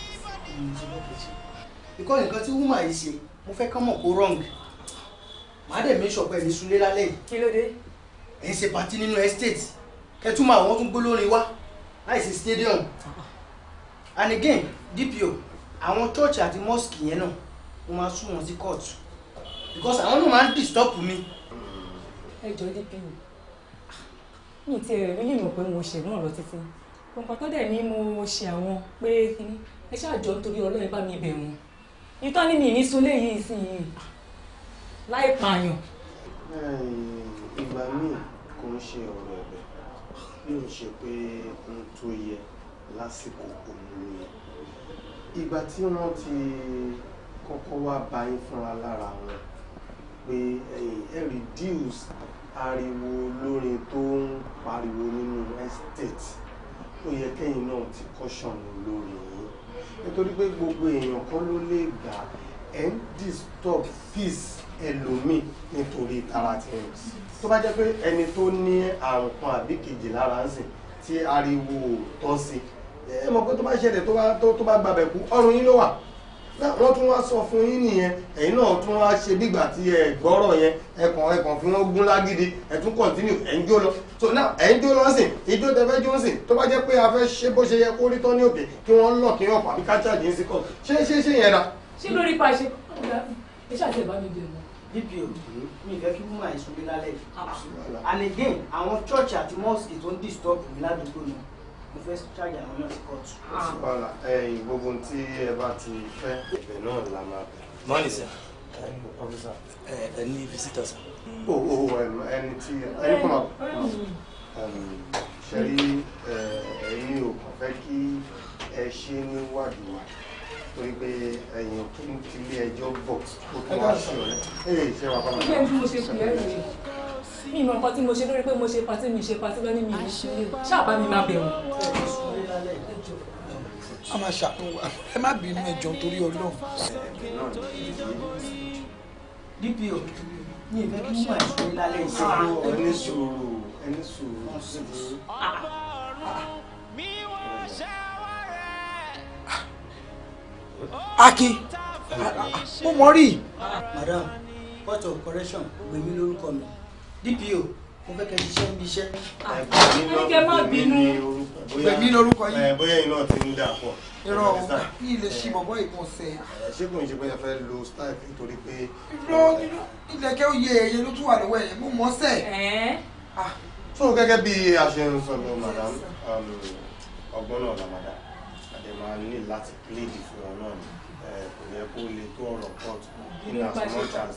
ìmọ̀tòlọ́pẹ̀tì. ìkọ́ nǹkan tí wúmà yìí ṣe mo fẹ́ kán mọ̀ kó wrong màá dẹ̀ mí sọ̀pọ̀ ẹ̀mí sunlé lálẹ́ yìí. kí ló dé. ẹ̀ ń ṣe pàtí nínú estate ẹ tún máa wọ́n tún gbólórin wá láìsí stadium and again DPO àwọn church àti mosque yẹn náà mo máa sún wọn sí court because àwọn náà máa ń disturb mi. ẹ jọ dp mi mi ti rẹ̀ rí mọ̀ pé mo ṣe náà lọ títí nǹkan tó dẹ̀ ní mo ṣe àwọn pé kíní ẹ ṣáàjọ nítorí ọlọ́run bá mi bẹ̀rù ìtọ́ ní mi ní sunlé yìí sí i láì pààyàn. ìgbà míì kò ń ṣe ọ̀rọ̀ ẹ̀bẹ̀ bí ó ṣe pé ohun tó yẹ lásìkò òun ló yẹ ìgbà tí wọ́n ti kọ́kọ́ wá bá yín fúnra lára wọn pé ẹ reduce ariwo olórin tó ń pariwo nínú estate ó yẹ kẹ́yìn náà ti caution olórin yìí nítorí pé gbogbo èèyàn kan ló lè gbà ẹ̀ ń disturb peace ẹlòmíì nítorí tara tẹ̀yìn tó bá jẹ́ pé ẹni tó ní àrùn kan àbí kejì lára ń sìn tí ariwo ò tọ́ sí ẹ mọ̀ pé tó bá ṣẹlẹ̀ tó bá gbàbẹ̀ kú ọrùn yín ló wà wọ́n tún wá sọ fún yín nìyẹn ẹ̀yin náà tún wá ṣe bígbà tí ẹ gbọ́rọ̀ yẹn ẹkàn ẹkàn fún wọn gún lágídí ẹ tún kọ̀ntínú ẹ̀ ń jó lọ so now ẹ̀ ń jó lọ sìn ijó tẹfẹ́ jó sìn tó bá jẹ́ pé a fẹ́ ṣe bó ṣe yẹ kó rí tán ní òkè kí wọ́n lọ kí wọ́n pàbí ká ṣáàjì ń sí kọ́ ṣé ṣé ṣé yẹn ra. ṣé lórí pa ṣe ẹ ṣàṣẹ bá mi dèrò bíbí o mi fẹ́ kí wọ́n máa ìsúnmí lálẹ́ yìí and again àwọn church àti mosque tó ń disturb mi ládùúgbò náà mo fẹ́ ṣáàjì àwọn náà sí kóòtù. wàhálà ẹ̀yin gbogbo tí ẹ bá ti fẹ́ ibẹ̀ náà la máa bẹ̀. mọ́nì sir ọ́fíìsà ẹ ní visitor sir. o o ẹni tí ẹni kọ́ máa um, ṣẹ̀rí ẹ̀yin ò kàn fẹ́ kí ẹ ṣe níwádìí wa torí pé ẹ̀yin ò kí n tilé ẹjọ́ bọ̀ ó tún wá sí ọ̀rẹ́ ẹ̀ ṣe wà pàmò. ó jẹ́ bí mo ṣe kù lẹ́nu mi mi ìmọ̀ nǹkan tí mo ṣe lórí pé mo ṣe patí mi ṣe patí lọ́ní mi yìí ṣáàbá mi máa bẹ̀rù. a máa ṣàtúnwá ẹ má bínú ẹjọ́ torí Ọlọ́run. DPO mi ò fẹ́ kí mú àìsàn lálẹ́ ìṣòro ah, ẹni sòrò ẹni sòrò sòrò. Aki mo mọ rí. Madam, court of correction gbèmí lórúkọ mi. DPO mo fẹ́ kẹ́ ṣiṣẹ́ níbi iṣẹ́. Ah. ẹnikẹ́ má bínú. pèmí lórúkọ yìí. bóyá iná ti ń dà pọ̀. irọ́ kí ilé ṣí bọ̀bọ̀ ìkànsẹ̀. ṣé kò ń ṣe pé ẹ fẹ́ lo style nítorí pé. irọ́ ilẹ̀kẹ́ òye ẹ̀yẹ ló tún wà lọ́wọ́ ẹ̀yẹ mo mọ̀ sẹ̀. Ah. so gẹ́gẹ́ bí a madam um, ọgbọ́n náà la madam àti máa ní láti plead fún ọ náà kò yẹ kó le tó ọ̀rọ̀ court in as much as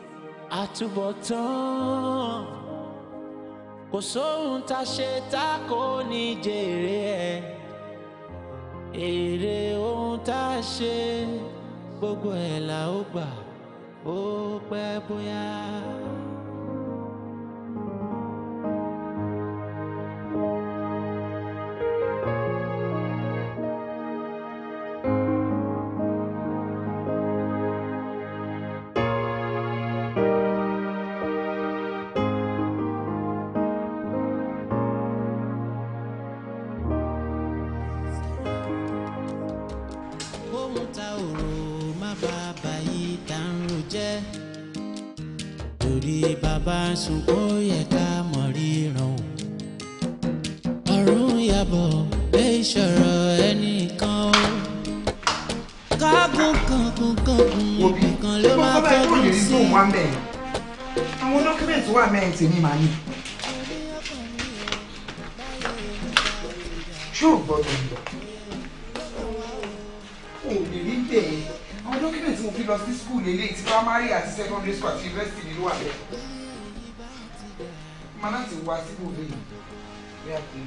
àtúbọ̀tán kò sóhun tá a ṣe tá kò ní jèrè ẹ̀ èrè ohun tá a ṣe gbogbo ẹ̀ là ó gbà ó pẹ́ bóyá.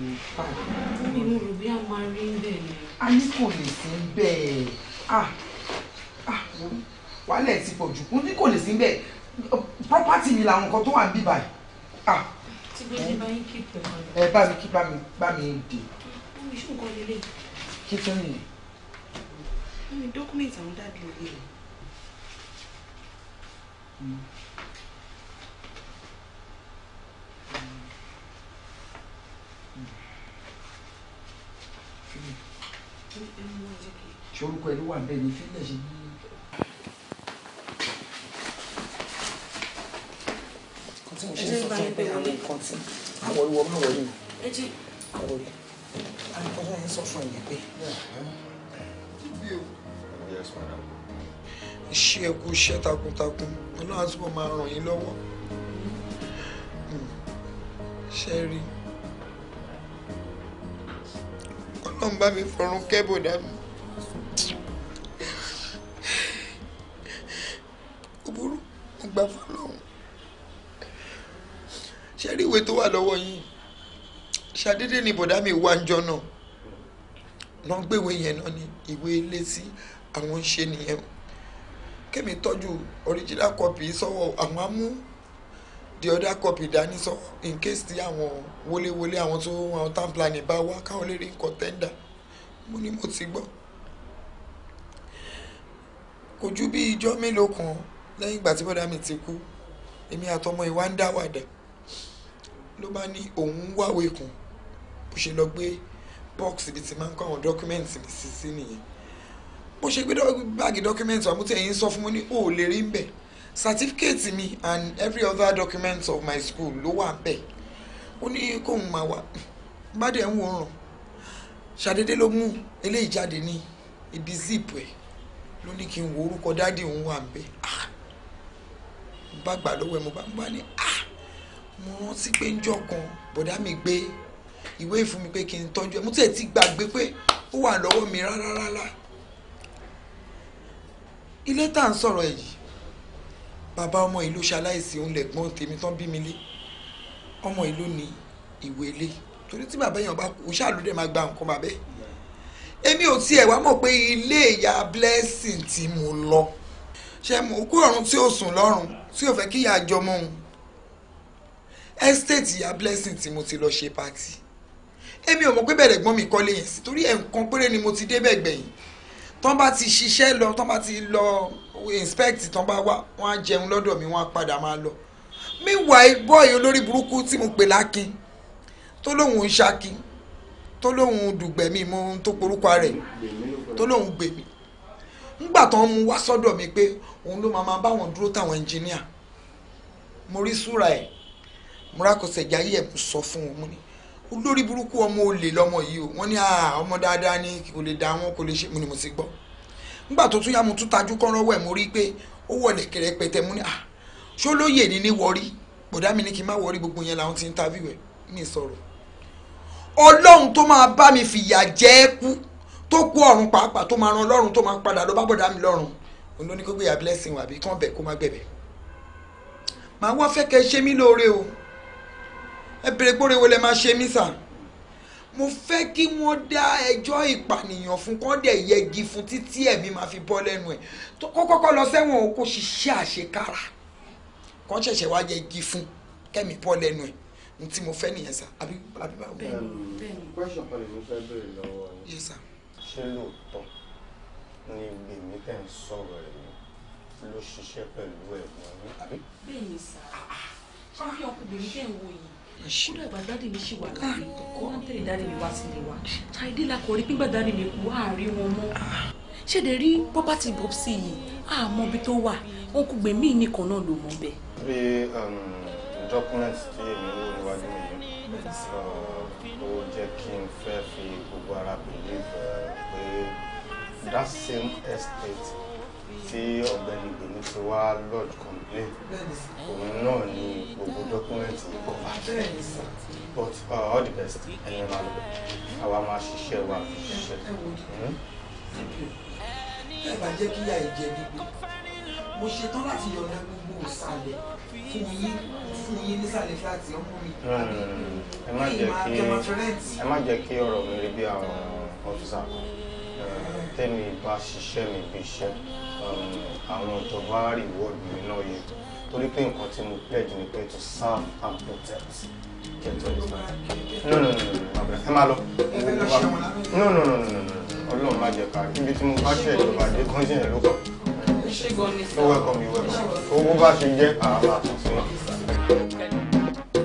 ní five. mi mo rò bí máa rí bẹ́ẹ̀ ni. a kò lè sí bẹ́ẹ̀ ah ah wàhálà ti pọ̀ jù kún ní kò lè sí bẹ́ẹ̀ property mi làwọn nǹkan tó wà ń bí báyìí ah. tí gbèsè bá yín kí pẹ̀lú. ẹ bá mi kí bá mi bá mi dè. mi ṣe nǹkan lélẹ̀. kí tó nìyẹn. mi dọ́kúmẹ̀ntì àwọn dáàbì rẹ̀. Hmm. ṣorúkọ ẹ ló wà bẹ́ẹ̀ ni fílẹ̀ ṣe bí. nǹkan tí mo ṣe sọ fún pé àwọn nǹkan tí àwọn olúwo o àwọn olè àwọn nǹkan takuntakun ọlọ́run àti mo máa ràn yín lọ́wọ́ ṣe rí ọlọ́run bá mi fọrún kẹ́bọ̀dá mi. kò burú àgbà fọlọ́hún ṣe rí ìwé tó wà lọ́wọ́ yín ṣàdédé ni bọ̀dá mi wá ń jọ náà náà gbéwé yẹn náà ni ìwé ilé sí àwọn ṣe nìyẹn o tọ́jú original copy sọ́wọ́ àwọn amú the other copy dání sọ́wọ́ in case ti àwọn wọléwọlé àwọn tó àwọn town planning bá wá káwọn lè rí nǹkan tẹ́ńdà mo ní mo ti gbọ́ kò bí ijọ́ mélòó kan lẹ́yìn ìgbà tí bọ́dà mi ti kú èmi àtọmọ ìwà ń dáwàdà ló bá ní òun wáwé kùn bó ṣe lọ gbé bọ́ọ̀sì ibi tí máa ń kó àwọn dọ́kúmẹ́ǹtì mi sí sí nìyẹn mo ṣe gbé báàgì dọ́kúmẹ́ǹtì wa mo tẹ̀ yín sọ fún mi ní o ò lè rí ń certificate mi and every other document of my school ló wà bẹ́ẹ̀ ó ní kóun máa wà bá dẹ̀ ń wòran ṣàdédé ló mú eléyìí jáde ní ibi zip ẹ̀ ló ní kí n wo orúkọ dáàdì òun wà bẹ́ẹ̀ ah! mo bá gbà lọ́wọ́ ẹ̀ mo bá mo bá ní ah mo rántí pé ń jọ kan bọ̀dá mi gbé ìwé ìfún mi pé kí n tọ́jú ẹ̀ mo tẹ̀ ti gbàgbé pé ó wà lọ́wọ́ mi rárá rárá ilé tá à ń sọ̀rọ̀ ẹ̀ yìí bàbá ọmọ yìí ló ṣaláìsí òun lẹ̀gbọ́n tèmi tán bí mi lé ọmọ yìí ló ní ìwé ilé torí tí bàbá èèyàn bá kú òun ṣàlùdẹ máa gba nǹkan bàbá èmi ò tiẹ̀ wá mọ̀ pé ilé ìyá blessing tí mo lọ ṣe mọ̀ òkú ọ̀run tí ò sùn lọ́rùn tí ò fẹ́ kí ìyá àjọ mọ́ òun estate ìyá blessing tí mo ti lọ ṣe pàtì èmi ò mọ̀ pé bẹ̀rẹ̀ gbọ́n mi kọ́lé yẹn sí torí ẹ̀ǹkan péré ni mo ti débẹ̀ gbẹ̀yìn tán bá ti ṣiṣẹ́ lọ tán bá ti lọ inspect tán bá wá wọ́n á jẹun lọ́dọ̀ mi wọ́n á padà máa lọ meanwhile boy olórí burúkú tí mo pè lákin tó lóun ń ṣakin tó lóun dùgbẹ̀mí mo tó porúkọ rẹ̀ tó lóun gbèmí ngbà tán mú wá sọ́dọ̀ mi pé òun ló máa máa bá wọn dúró táwọn ẹnjìníà mo rí súra ẹ̀ murakọsẹ jayé ẹ sọ fún òun ni olórí burúkú ọmọ olè lọmọ yìí o wọ́n ní ọmọ dáadáa ni kò lè dá wọn kò lè ṣe mo ni mo ti gbọ́ nígbà tó tún yá mo tún tajú kọ́ rọ́wọ́ ẹ̀ mo rí i pé ó wọlé kẹrẹpẹtẹ mo ní à ṣó lóye ní ní wọrí bọ̀dá mi ní kí n má wọrí gbogbo yẹn làwọn ti ń interview ẹ̀ ní ìsọ̀rọ̀ tó máa bá mi fìyà jẹ ẹ́ kú tó kú ọ̀run pàápàá tó máa ran ọlọ́run tó máa padà lọ bá bọ̀dá mi lọ́rùn òun ló ní kó gbéyà blessing wàbí kàn bẹ̀ kó má gbẹ̀bẹ̀ màá wá fẹ́ kẹ́ ṣe mí lóore o ẹ bèrè gbóre wo lẹ máa ṣe mí sà mo fẹ́ kí wọ́n dá ẹjọ́ ìpànìyàn fún kán dẹ̀ yẹgi fún títí ẹ̀mí máa fi bọ́ lẹ́nu ẹ̀ kó kọ́kọ́ lọ sẹ́wọ̀n o kó ṣiṣẹ́ àṣekára kán ṣẹ̀ṣẹ̀ wá yẹgi fún kẹ́mi bọ́ lẹ́nu ẹ̀ ní tí mo fẹ́ nìyẹn sà àbí àbí báwo. question kan ni mo fẹ́ béèrè lọ́wọ́ yín ṣé lóòótọ́ ní gbèmí tẹ̀ ń sọ̀rọ̀ ẹ̀mí ló ṣiṣẹ́ pẹ̀lú ẹ̀gbọ́n mi àbí. bẹ́ẹ̀ ni sà ṣé kí ọkùnrin tẹ̀ ń wo yìí kódà ìgbà dáàdì mi ṣì wà láàrin kó wọn tẹ̀lé dáàdì mi wá sílé wa ṣáìdé la kò rí pígbà dáàdì mi kú àárín wọn mọ́ ṣéde rí property bobsi yìí àmọ́ ibi tó wà wọn kò gbèmí nìkan náà ló mọ̀ bẹ́ẹ̀. bí um, documents tí èmi wò níwájú mi yìí uh, ó jẹ́ kí n fẹ́ fi gbogbo ara believe uh, pé that same estate tí ọ̀gbẹ́ni gbèmí ti wá lord complain òun náà ni gbogbo dọ́kúmẹ́ǹtì yìí kọ́ but uh, all the best ẹ̀yin máa lọ àwa máa ṣiṣẹ́ wa fi ṣiṣẹ́. Hmm? ẹ bá jẹ́ kí ìyá ìjẹ̀bi pé mo ṣetán láti yọ̀nà gbogbo ìsàlẹ̀ fún yín fún yín nísàlẹ̀ fúláàtì ọmọ mi àbí hmm, ẹ má jẹ́ kí ọ̀rọ̀ mi rí bí àwọn ọ̀túnṣà kan tẹ́mi bá ṣiṣẹ́ mi iṣẹ́ um, àwọn ìjọba reward mi náà yẹ torí pé nǹkan tí mo pledge ni pé to serve and protect kẹtọ no no no no ẹ no ọlọ́run má jẹ́ kárí ibi tí mo bá ṣe ìjọba dé kán sí yẹn ló ó wẹ́kọ̀ mi wẹ́kọ̀ owó bá ṣe jẹ́ àwọn àtúnṣe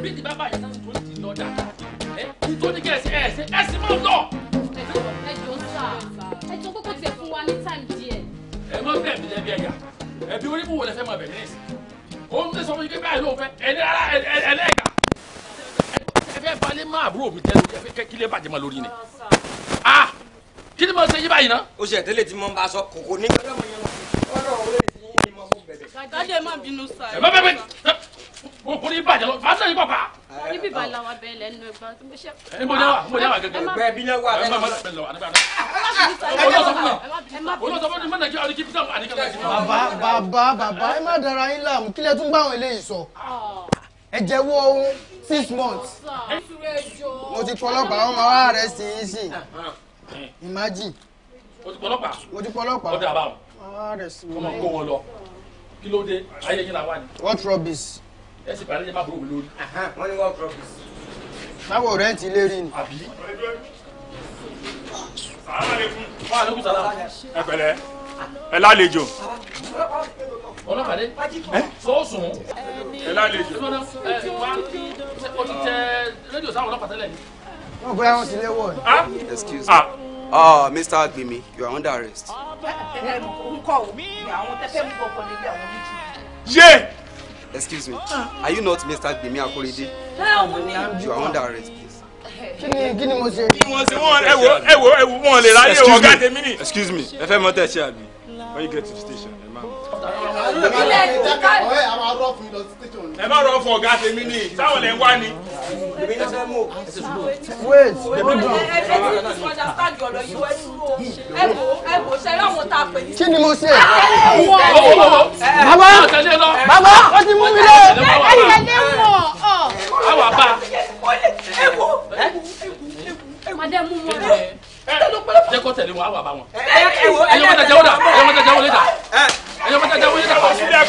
bí ti bá bàjẹ́ sáà tó ti lọ dáadáa ẹ tó ní kí ẹ ṣe ẹ ṣe ẹ ṣe máa. máa bẹ̀ mí lẹ́bi ẹ̀yà ẹ̀bi onímọ̀ wò lẹ fẹ́ máa bẹ̀ mí ní ìsìn òun tẹ sọ fún mi pé báyìí ló ń fẹ́ ẹni rárá ẹni ẹ̀gà ẹfẹ́ balẹ̀ ah kí ni mo ṣe yí báyìí o ṣe tẹ́lẹ̀ tí mo ń bá a sọ kòkò ní. ọ̀dọ̀ òun lè ti ọkùnrin bàjẹ́ lọ fàá sẹ́yìn pàpà. níbí bá làwọn abẹ́ ilẹ̀ nínú ẹgbẹ́ tó ṣe. ẹ mọ̀ dáwà mọ̀ dáwà gẹ́gẹ́. ẹgbẹ́ bí náà wà bẹ́ẹ̀. ẹ má bẹ̀rẹ̀ lọ àdébà dá. olùsọ̀fún mi mọ̀nà kí ọdún kí pítà wà ní kílẹ̀ sí. bàbá bàbá bàbá ẹ má dara yín láàmú kílẹ̀ tún bá àwọn eléyìí sọ. Ah. ẹ jẹ́wọ́ ohun six months. mo ti pọlọ́pàá wọn máa wá arrest yín sí ah. imagine. mo ti pọlọ́pàá. mo ti pọlọ́pàá. ọdẹ àbáwọn. wọ́n kó wọn lọ kí ló dé ayé yín làwọn what rubbish ẹ sì parí ẹ má burú mi lórí. wọ́n ní wọ́n kúrọ́pì. báwo rẹ́ǹtì lè rí ni. àbí. sàlámàlẹ́kùn. wàhálẹ́kùn sàlámà. ẹ pẹ̀lẹ́ ẹ lálejò. ọlọ́pàdé sọ́ọ̀sùn. ẹ lálejò. ẹ wá o ti tẹ rédíò sáwọn ọlọ́pàá tẹ́lẹ̀ ni. wọ́n bóyá wọ́n ti lé wọ̀ ah? excuse ah. me. oh, ah, Mr. Agbemi, you are under arrest. Ẹ ẹ orúkọ wo ni àwọn tẹ́tẹ́ mú ọkọ nílé àwọn méjì? Yé! excuse me ah. are you not Mr. Gbemi Akorede you are under arrest please. kíni kíni mo ṣe. kí wọ́n ṣe wọ́n ẹ wo ẹ wo ẹ wo wọ́n lè ráyè wọ́n ni. excuse me ẹ fẹ́ mọ tẹ̀ ṣe àbí when you get to the station ẹ máa. ẹ má rọ fún ọ̀gá tèmi ni táwọn lè wá ni èmi náà fẹ́ mú òkú sí. wait èmi gan. ẹ fẹ́ tí mi sọjà sáàdì ọ̀rọ̀ yìí wọ́n dúró ẹ wò ẹ wò ṣe láwọn tá a pè ní. kí ni mo ṣe. bàbá bàbá wọ́n ti mú mi lọ. ẹ tẹ̀lé wọ̀ ọ́. ẹ wà bá. ẹ wò ẹ wò. madam mú wọn lọ jẹ kó tẹ̀lé wọn á wà bá wọn. ẹyọ mọta jẹ wọn dà ẹyọ mọta jẹ wọn lé dà ẹyọ mọta jẹ wọn lé dà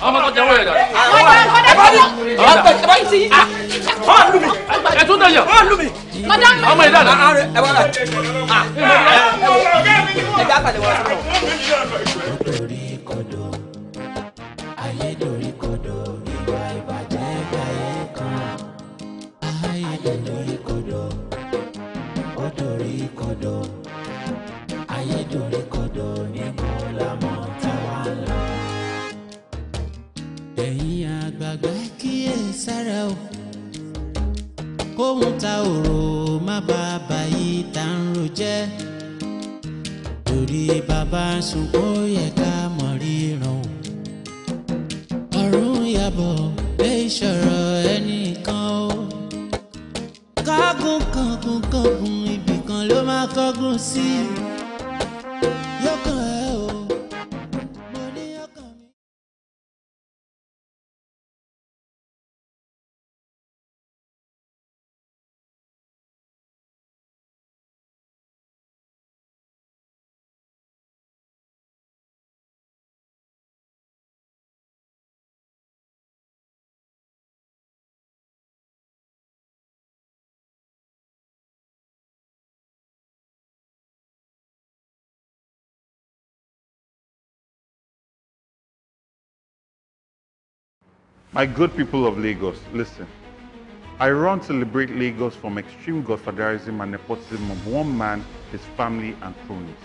ọmọ tó jẹun yẹn dà. ẹ tún tẹ yẹ. ọmọ yẹn dàda. ẹ wá la. ẹ wá la. ẹ jẹ́ àpàlẹ̀ wọ́n. kóhun ta òrò má bàa bàyí tá ń ro jẹ́ torí bàbá sunkún yẹ ká mọ̀ ríran ọ̀run yàbọ̀ pé ìṣòro ẹnìkan ó kágun kankan kangun ibìkan ló máa kọ́gun sí i. My good people of Lagos, listen. I run to liberate Lagos from extreme godfatherism and nepotism of one man, his family, and cronies.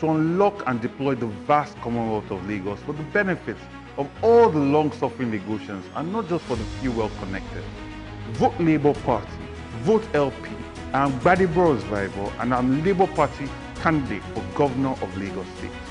To unlock and deploy the vast Commonwealth of Lagos for the benefit of all the long-suffering Lagosians and not just for the few well-connected. Vote Labour Party, vote LP. I'm Bros Rival and I'm Labour Party candidate for Governor of Lagos State.